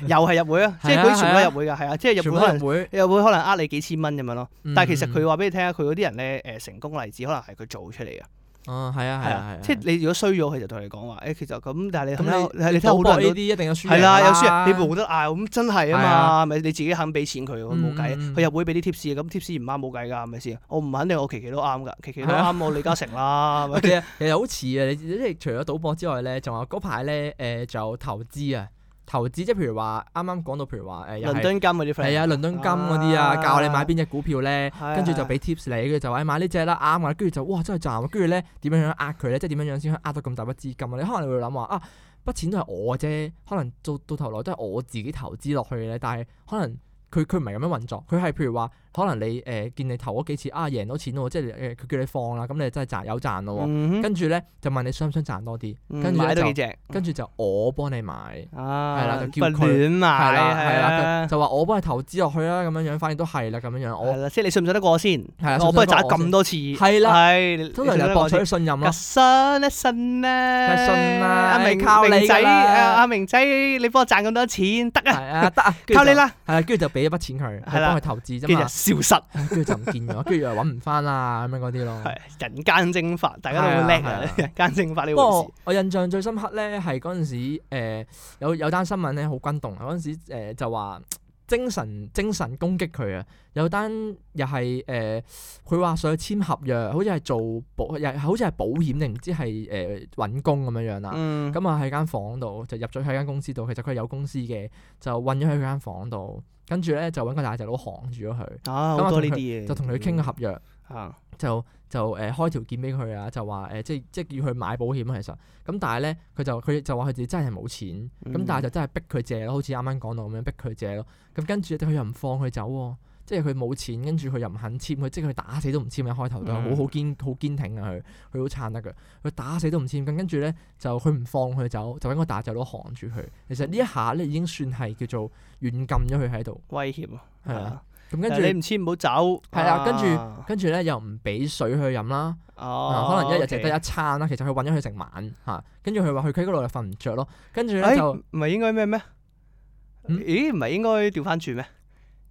S1: 又係入會啊，即係佢全部入會噶，係啊，即係入會可能入會可能呃你幾千蚊咁樣咯。但係其實佢話俾你聽下，佢嗰啲人咧，誒，成功例子可能係佢做出嚟。噶，啊，係啊，係啊，即係你如果衰咗，佢就同你講話，誒，其實咁，但係你聽，你聽好多呢啲，一定有輸係啦。有輸你冇得嗌，咁真係啊嘛，咪你自己肯俾錢佢，佢冇計，佢入會俾啲 tips 咁 tips 唔啱，冇計噶，係咪先？我唔肯定我期期都啱噶，期
S2: 期都啱我李嘉誠啦，其實其實好似啊，你即係除咗賭博之外咧，仲有嗰排咧，誒，就投資啊。投資即係譬如話，啱啱講到譬如話，誒，倫敦金嗰啲 friend 係啊，倫敦金嗰啲啊，教你哋買邊隻股票咧，跟住就俾 tips 你，跟住就話誒買呢隻啦，啱啦，跟住就哇真係賺啊，跟住咧點樣樣呃佢咧，即係點樣樣先可以呃得咁大筆資金啊？你可能你會諗話啊，筆錢都係我嘅啫，可能到到頭來都係我自己投資落去嘅咧，但係可能佢佢唔係咁樣運作，佢係譬如話。可能你誒見你投咗幾次啊贏到錢喎，即係誒佢叫你放啦，咁你真係賺有賺咯喎。跟住咧就問你想唔想賺多啲？買多幾隻？跟住就我幫你買，係啦，叫佢亂買啦，係啦，就話我幫你投資落去啦，咁樣樣反而都係啦，咁樣樣我。係即係你信唔信得過先？係我幫你賺咁多次，係啦，係。通常就博取信任啊，
S1: 信啊信啊！阿明仔，阿明仔，你幫我賺咁多錢得啊？得啊，
S2: 靠你啦！係啊，跟住就俾一筆錢佢，係幫佢投資啫嘛。消失，跟住 就唔見咗，跟住又揾唔翻啊咁樣嗰啲咯。人間蒸發，大家都好叻啊！人間、啊、 蒸發呢回事我。我印象最深刻咧，係嗰陣時誒、呃、有有單新聞咧好轟動，嗰陣時誒、呃、就話。精神精神攻擊佢啊！有單又係誒，佢話想去簽合約，好似係做保，又係好似係保險定唔知係誒揾工咁樣樣啦。咁啊喺間房度就入咗喺間公司度，其實佢有公司嘅，就困咗喺佢間房度，跟住咧就揾個大隻佬行住咗佢。咁多呢啲嘢，就同佢傾合約，嗯啊、就。就誒、呃、開條件俾佢啊，就話誒、呃、即係即係叫佢買保險啊，其實咁但係咧佢就佢就話佢自己真係冇錢，咁、嗯、但係就真係逼佢借咯，好似啱啱講到咁樣逼佢借咯。咁跟住佢又唔放佢走、哦，即係佢冇錢，跟住佢又唔肯簽，佢即係佢打死都唔簽。一開頭都係好好堅好、嗯、堅，堅挺啊，佢佢好撐得嘅，佢打死都唔簽。咁跟住咧就佢唔放佢走，就喺個打走。攞扛住佢。其實一呢一下咧已經算係叫做軟禁咗佢喺度，威脅啊，係啊的。咁跟住你唔簽唔好走，係啦，跟住跟住咧又唔俾水去飲啦，可能一日就得一餐啦。其實佢揾咗佢成晚吓，跟住佢話去佢嗰度又瞓唔着咯。跟住咧就唔係應該咩咩？咦？唔係應該調
S1: 翻轉咩？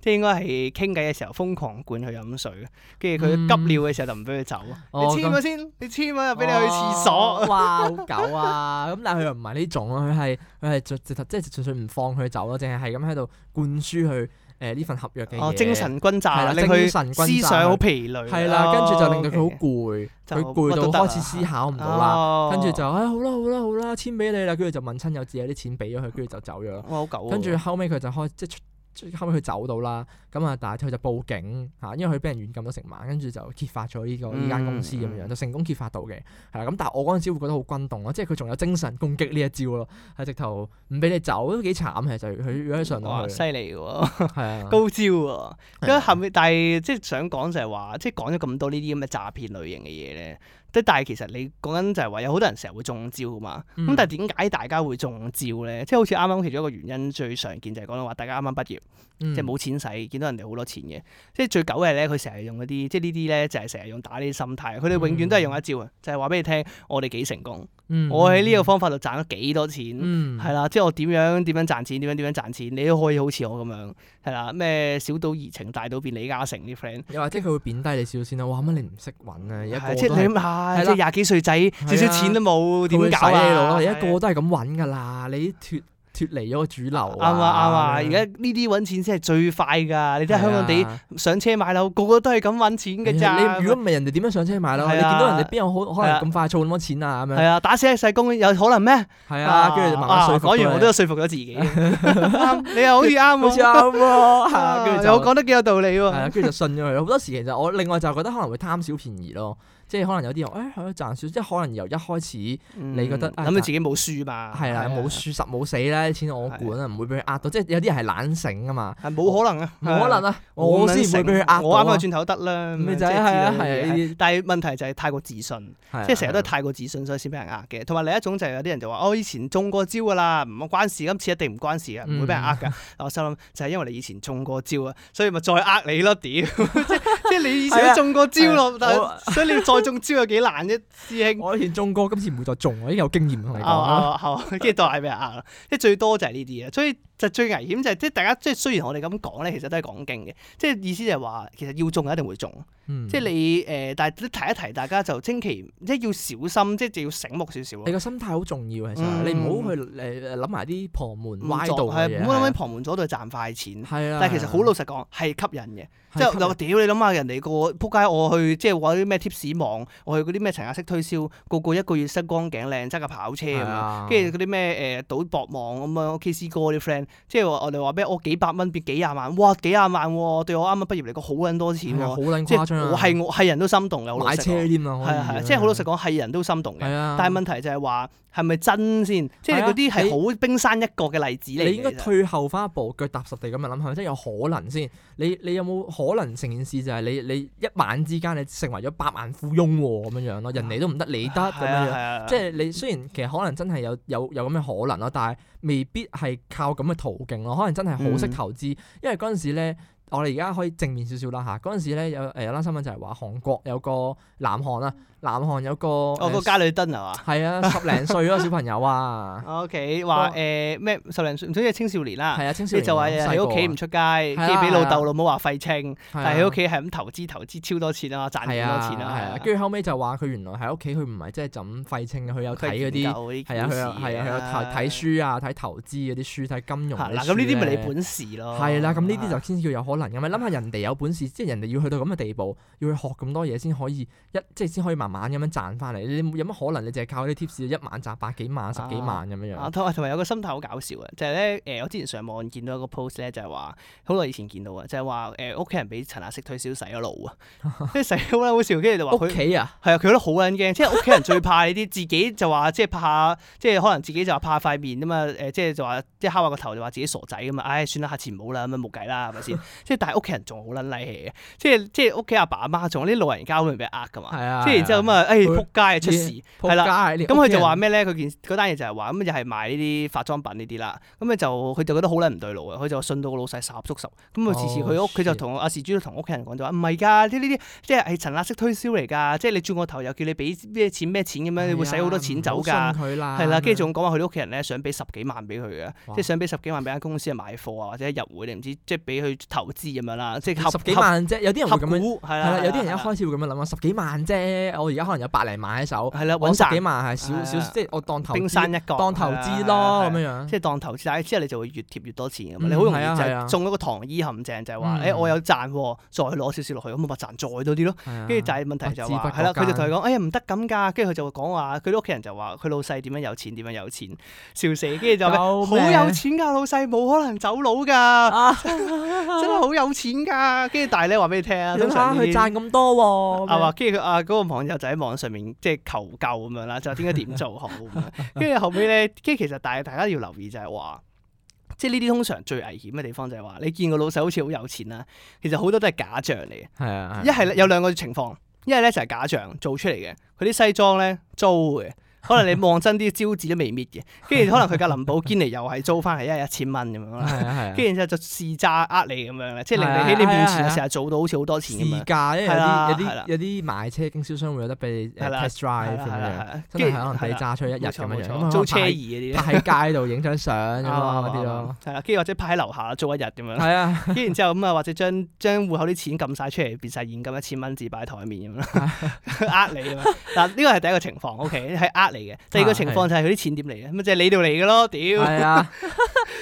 S1: 即係應該係傾偈嘅時候瘋狂灌佢飲水，跟住佢急尿嘅時
S2: 候就唔俾佢走。你簽咪先？
S1: 你簽咪又俾你去廁所。哇！好狗啊！
S2: 咁但係佢又唔係呢種，佢係佢係直頭即係純粹唔放佢走咯，淨係係咁喺度灌輸佢。誒呢、呃、份合約嘅嘢、哦，精神轟炸，了令佢思想好疲累，係啦了，oh, 跟住就令到佢好攰，佢攰到開始思考唔到啦，跟住、啊、就唉、哎、好啦好啦好啦，簽俾你啦。跟住就問親友借啲錢俾咗佢，跟住就走咗。我跟住後尾，佢就開即最後尾佢走到啦，咁啊，但係佢就報警吓，因為佢俾人軟禁咗成晚，跟住就揭發咗呢個呢間公司咁樣，嗯、就成功揭發到嘅。係啦，咁但係我嗰陣時會覺得好轟動咯，即係佢仲有精神攻擊呢一招咯，係直頭唔俾你走，都幾慘嘅。就佢如果喺上，哇，犀利喎！係 的啊，高
S1: 招喎。咁後尾，的但係即係想講就係話，即係講咗咁多呢啲咁嘅詐騙類型嘅嘢咧。即但係其實你講緊就係話有好多人成日會中招啊嘛。咁、嗯、但係點解大家會中招咧？即係好似啱啱其中一個原因最常見就係講到話大家啱啱畢業，嗯、即係冇錢使，見到人哋好多錢嘅。即係最狗嘅咧，佢成日用嗰啲，即係呢啲咧就係成日用打呢啲心態。佢哋永遠都係用一招啊，嗯、就係話俾你聽我哋幾成功，嗯、我喺呢個方法度賺咗幾多錢，係啦、嗯。即係我點樣點樣賺錢，點、嗯、樣點樣，樣，樣賺錢，你都可以好似我咁樣，係啦。咩小賭怡情，大到變李嘉誠啲 friend。又或者佢會貶低你少少
S2: 先啦。哇，乜你唔識揾咧？的係啦，廿幾歲仔，少少錢都冇，點搞啊？個個都係咁搵噶啦，你脱脫離咗個主流，啱嘛啱啊，而家
S1: 呢啲搵錢先係最快噶，你睇香港地上車買樓，個個都係咁搵錢噶咋？你如果唔係人
S2: 哋點樣上車買樓？你見到人哋邊有可可能咁快儲咁多錢啊？係啊，打死一世工有可能咩？係啊，跟住我講完我都有說服咗自己，你又好似啱，啱喎，係啊，就講得幾有道理喎，跟住就信咗佢。好多時其實我另外就覺得可能會貪小便宜咯。即係可能有啲人誒可賺少，即係可能由一開始你覺得諗你自己冇輸嘛，係啦，冇輸實冇死啦，錢我管啊，唔會俾佢呃到。即係有啲人係懶醒啊嘛，冇可能啊，冇可能啊，我先唔會俾佢呃，我啱翻轉頭得啦。咩仔？係
S1: 但係問題就係太過自信，即係成日都係太過自信，所以先俾人呃嘅。同埋另一種就係有啲人就話：我以前中過招噶啦，唔關事，今次一定唔關事嘅，唔會俾人呃嘅。我心諗就係因為你以前中過招啊，所以咪再呃你咯，屌！即係即係你以前都中過招咯，所以你再。我仲招有幾難啫？啊，師兄！我見中過今次唔會再中，我已經有經驗同你講啦。係，跟住再係咩啊？即係最多就係呢啲嘢，所以。最危險就係，即係大家即係雖然我哋咁講咧，其實都係講勁嘅，即係意思就係話其實要中一定會中，即係、嗯、你誒，但係提一提大家就千祈，即係要小心，即係就要醒目少少。你
S2: 個心態好重要，其實、嗯、你唔好去誒諗埋啲旁門歪道，唔好諗喺旁門左度賺快錢。的但係其實
S1: 好老實講係吸引嘅、就是，即係屌你諗下人哋個個撲街，我去即係話啲咩貼士網，我去嗰啲咩陳亞飾推銷，個個一個月塞光頸靚，揸架跑車咁樣，跟住嗰啲咩誒賭博網咁樣，K C 哥啲 friend。即係我我哋話俾我幾百蚊變幾廿萬，哇！幾廿萬喎、啊，對我啱啱畢業嚟講好撚多錢、啊，嗯，好撚誇張啊、即係係我係人都心動嘅，買車添啊，係啊係啊，即係好老實講係人都心動嘅，的但係問題就係話。係咪真
S2: 先？即係嗰啲係好冰山一角嘅例子嚟你。實你應該退後翻一步，腳踏實地咁樣諗下，即係有可能先。你你有冇可能成件事就係你你一晚之間你成為咗百萬富翁喎、啊、咁樣樣咯？人哋都唔得，你得咁樣樣。即係你、啊、雖然其實可能真係有有有咁嘅可能咯，但係未必係靠咁嘅途徑咯。可能真係好識投資，嗯、因為嗰陣時咧，我哋而家可以正面少少啦嚇。嗰陣時咧有誒有單新聞就係話韓國有個南韓啊。南韓有個哦，個家裏蹲啊嘛，係啊，十零歲嗰小朋友啊
S1: ，OK，話誒咩十零歲，唔準即係青少年啦，係啊，青少年就話喺屋企唔出街，跟住俾老豆老
S2: 母話廢青，但係喺屋企係咁投資投資超多錢啊，賺咁多錢啊，跟住後尾就話佢原來喺屋企，佢唔係即係就咁廢青，佢有睇嗰啲係啊，係啊，睇書啊，睇投資嗰啲書，睇金融嗱，咁呢啲咪你本事囉，係啦，咁呢啲就先叫有可能咁啊，諗下人哋有本事，即係人哋要去到咁嘅地步，要去學咁多嘢先可以一即係先可以晚咁樣賺翻嚟，你有乜可能？你淨係靠啲貼士，一晚賺百幾萬、十幾萬咁樣樣。同埋、啊啊、有個心態好搞笑嘅，就係咧誒，我之前上網見到一個 post 咧，就係話
S1: 好耐以前見到嘅，就係話誒屋企人俾陳亞瑟推銷洗咗腦啊，即係洗好撚好笑，跟住就話屋企啊，係啊，佢覺得好撚驚，即係屋企人最怕呢啲， 自己就話即係怕即係可能自己就話怕塊面啊嘛，誒、呃、即係就話即係敲下個頭就話自己傻仔咁嘛。唉、哎、算啦，下次唔好啦，咁啊冇計啦，係咪先？即係 但係屋企人仲好撚拉氣嘅，即係即係屋企阿爸阿媽仲有啲老人家會俾人呃㗎嘛，即係 然之後。咁啊，誒撲街啊出事，係啦，咁佢就話咩咧？佢件嗰單嘢就係話，咁又係賣呢啲化妝品呢啲啦。咁啊就佢就覺得好撚唔對路啊！佢就信到個老細十足十。咁佢次次去屋佢就同阿事主都同屋企人講咗，唔係㗎，呢啲即係係層壓式推銷嚟㗎。即係你轉個頭又叫你俾咩錢咩錢咁樣，你會使好多錢走㗎。信佢啦。跟住仲講話佢啲屋企人咧想俾十幾萬俾佢嘅，即係想俾十幾萬俾間公司啊買貨啊或者入會你唔知，即係俾佢投資咁樣啦。即係十幾萬啫，有啲人會咁，有啲人一
S2: 開始會咁樣諗。而家可能有百零萬喺手，係啦，揾十幾萬係少少，即係我當投資，冰山一角，當投資咯咁樣
S1: 樣，即係當投資。但係之後你就會越貼越多錢，你好容易就中咗個糖衣陷阱，就係話：誒我有賺，再攞少少落去，咁咪賺再多啲咯。跟住就係問題就係係啦，佢就同佢講：哎呀，唔得咁㗎。跟住佢就會講話，佢啲屋企人就話：佢老細點樣有錢，點樣有錢，笑死。跟住就咩？好有錢㗎老細，冇可能走佬㗎，真係好有錢㗎。跟住大你話俾你聽啊，佢賺咁多喎。啊跟住啊嗰個網友。就喺網上面即係求救咁樣啦，就點解點做好？跟住 後尾咧，跟住其實大大家要留意就係話，即係呢啲通常最危險嘅地方就係話，你見個老細好似好有錢啦，其實好多都係假象嚟
S2: 嘅。係啊，一係有
S1: 兩個情況，一係咧就係假象做出嚟嘅，佢啲西裝咧租嘅。可能你望真啲招紙都未搣嘅，跟住可能佢架林寶堅尼又係租翻嚟，一日一千蚊咁樣咯。跟住之後就試揸呃你咁樣啦，即係令你喺你面前成日做到好似好多錢。試揸，因為有啲、啊啊、有啲
S2: 有啲買車經銷商會有得俾你 test drive 跟住可能俾你揸出一日咁樣。後租車二嗰啲，喺街度影張相咁啊啲咯。係啦、 哦，跟
S1: 住或者泊喺樓下租一日咁 樣。係啊，跟住之後咁啊，或者將將戶口啲錢撳晒出嚟，變曬現金一千蚊字擺喺台面咁樣，呃你咁。嗱呢個係第一個情況，OK 係呃。嚟嘅第二個情況就係佢啲錢點嚟嘅，咁就係你度嚟嘅咯，屌！係啊，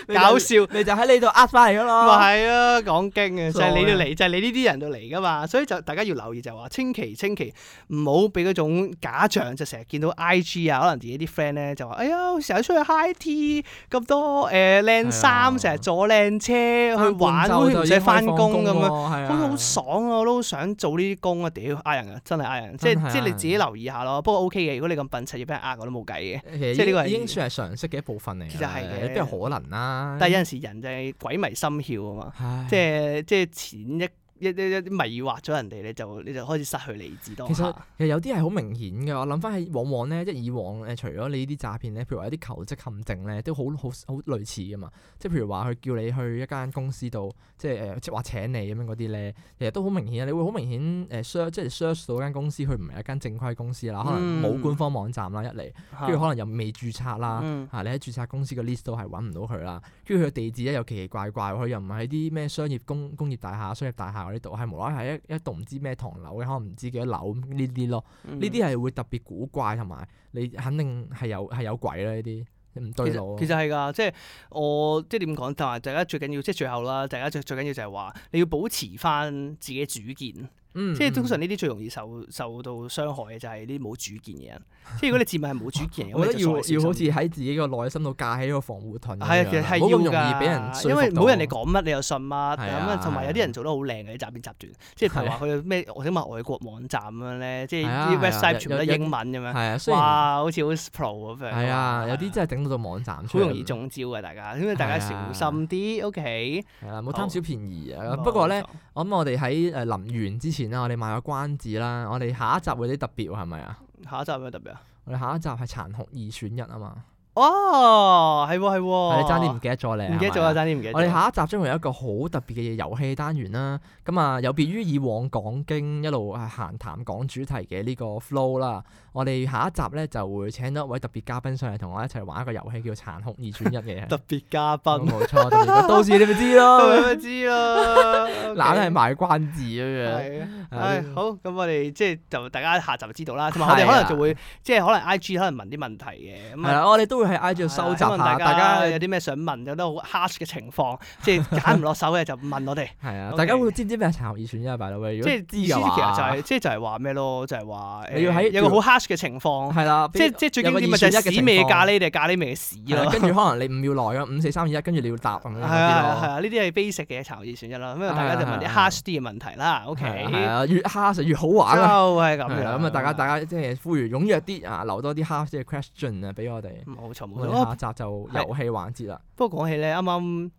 S1: 搞笑，你就喺你度呃翻嚟嘅咯。咪係啊，講經啊，就係你度嚟，就係你呢啲人度嚟嘅嘛。所以就大家要留意就話，千祈千祈，唔好俾嗰種假象，就成日見到 IG 啊，可能自己啲 friend 咧就話：哎呀，成日出去 high tea，咁多誒靚衫，成日坐靚車去玩，好似唔使翻工咁樣，好好爽啊！我都想做呢啲工啊，屌，呃人啊，真係呃人，即係即係你自己留意下咯。不過 OK 嘅，如果你咁笨，呃、啊，我都冇計嘅，即係呢個已經算係常識嘅一部分嚟。其實係嘅，都有可能啦、啊。但係有陣時人就係鬼迷心竅啊嘛，即係即係錢一。一啲一啲迷惑咗人哋你就你就開始失去理智多。其實
S2: 其實有啲係好明顯嘅，我諗翻起往往咧，即係以往誒、呃、除咗你呢啲詐騙咧，譬如話一啲求職陷阱咧，都好好好類似嘅嘛。即係譬如話佢叫你去一間公司度，即係誒即係話請你咁樣嗰啲咧，其實都好明顯啊，你會好明顯誒 search 即係 search 到間公司佢唔係一間正規公司啦，可能冇官方網站啦一嚟，跟住、嗯、可能又未註冊啦吓，你喺註冊公司嘅 list 度係揾唔到佢啦。跟住佢嘅地址咧又奇奇怪怪，佢又唔係喺啲咩商業工工業大廈商業大廈。喺呢度係無啦，係一一度唔知咩唐樓嘅，可能唔知幾多樓呢啲咯，呢啲係會特別古怪，同埋你肯定係有係有鬼啦呢啲，唔對路。其實
S1: 係㗎，即係我即係點講？就係大家最緊要，即係最後啦。大家最最緊要就係話，你要保持翻自己主見。嗯，即係通常呢啲最容易受受到傷害嘅就係啲冇主見嘅人，即係如果你自問係冇主見嘅，我覺得要要好似
S2: 喺自己個內
S1: 心度架起個防護盾，係其實係容易俾人因為冇人哋講乜你又信乜，咁啊同埋有啲人做得好靚嘅啲詐騙集團，即係譬如話，佢咩整埋外國網站咁樣咧，即係啲 website 全部都英文咁樣，係啊，哇，好似好 pro 咁樣，係啊，有啲真係整
S2: 到個網站，好容易中招嘅大家，所以大家小心啲，OK，係啦，冇貪小便宜啊，不過咧，我諗我哋喺誒臨完之前。啦，我哋買個關子啦。我哋下一集會有啲特別喎，係咪啊？是是下一集有咩特別啊？我哋下一集係殘酷二選一啊嘛。哦，係喎係喎，你爭啲唔記得咗咧，唔記得咗啊，爭啲唔記得。我哋下一集將會有一個好特別嘅遊戲單元啦，咁啊有別於以往講經一路係閒談講主題嘅呢個 flow 啦，我哋下一集咧就會請到一位特別嘉賓上嚟同我一齊玩一個遊戲叫殘酷二選一嘅特別嘉賓，冇錯，到時你咪知咯，咪咪知咯，懶係賣關子咁樣。係啊，
S1: 好，咁我哋即係就大家下集知道啦。同埋我哋可能就會即係可能 IG 可能問啲問題嘅，係啊我哋都會。係 IG 要收集下，大家，大家有啲咩想問， 有啲好 harsh 嘅情況，即係揀唔落手嘅就問我哋。係啊，大家
S2: 會知唔知咩係殘酷二選一啊？大佬，即係其實就係
S1: 即係就係話咩咯？就係話你要喺有個好 harsh
S2: 嘅情況。係啦，即係即係最緊要咪就係屎味咖喱
S1: 定咖喱味嘅
S2: 屎咯。跟住可能你五秒內啊，五四三二一，跟住你要答咁樣嗰啲啊，
S1: 呢啲係 basic 嘅殘酷二選一啦。咁啊，大家就問啲 harsh 啲嘅問題啦。OK。越 harsh 就越好玩啦。就咁。係咁啊，大家
S2: 大家即係呼籲踴躍啲啊，留多啲 harsh 嘅 question 啊，俾我哋。下集就遊戲環節啦，
S1: 啊。不過講起咧，啱啱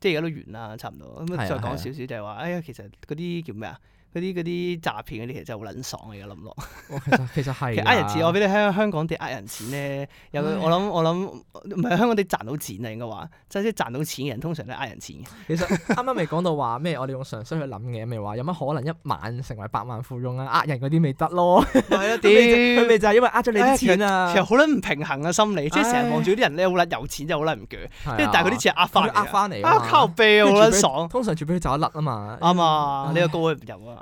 S1: 即係而家都完啦，差唔多咁，再講少少就係話，的哎呀，其實嗰啲叫咩啊？嗰啲嗰啲詐騙嗰啲其實真係好撚爽嘅，諗
S2: 落。其實其實係。其實呃人錢，我俾
S1: 你香香港啲呃人錢咧，有我諗我諗唔係香
S2: 港啲賺到錢你應該話，即係啲賺到錢嘅人通常都係呃人錢嘅。其實啱啱咪講到話咩，我哋用常識去諗嘅，咪話有乜可能一晚成為百萬富翁啊？呃人嗰啲咪得咯。係啊，點？佢咪就係因為呃咗你啲錢啊？其實好撚唔平衡嘅心理，即係成日望住
S1: 啲人咧好撚有錢就好撚唔攰，跟住但係佢啲錢係呃翻呃翻嚟。啊靠！悲，好撚爽。通常住俾佢走甩啊嘛。啱啊。你個高。佢唔入啊？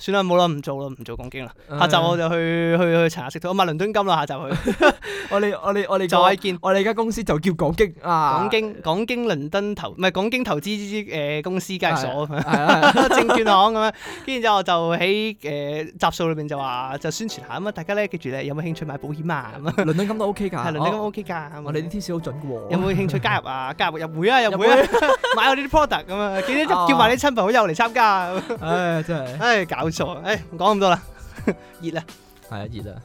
S1: 算啦，冇啦，唔做啦，唔做港經啦。下集我就去去去查下食套，我買倫敦金啦。下集去，我哋我哋我哋就係見
S2: 我哋間公司就叫港經，港經
S1: 港經倫敦投唔係港經投資誒公司交易所咁樣，證券行咁樣。跟住之後就喺誒集數裏邊就話就宣傳下咁啊，大家咧記住咧有冇興趣買保險啊？倫敦金都 OK 㗎，係倫敦金 OK 㗎，我哋啲天線好準㗎喎。有冇興趣加入啊？加入入會啊？入會啊？買我呢啲 product 咁啊，記得叫埋啲親朋好友嚟參加。唉，真係唉搞。誒，唔講咁多啦，熱
S2: 啦了，係啊、嗯，熱啦，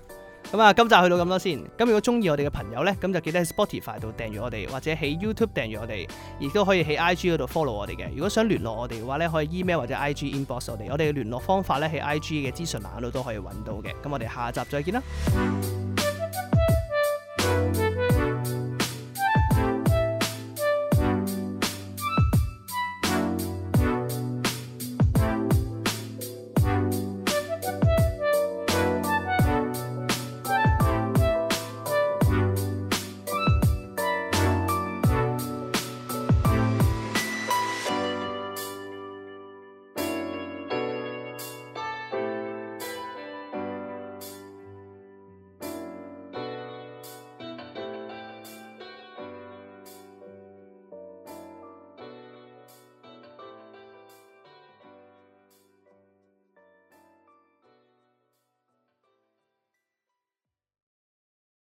S1: 咁啊，今集去到咁多先。咁如果中意我哋嘅朋友呢，咁就記得喺 Spotify 度訂閱我哋，或者喺 YouTube 訂閱我哋，亦都可以喺 IG 嗰度 follow 我哋嘅。如果想聯絡我哋嘅話呢，可以 email 或者 IG inbox 我哋。我哋嘅聯絡方法呢，喺 IG 嘅資訊欄度都可以揾到嘅。咁我哋下集再見啦。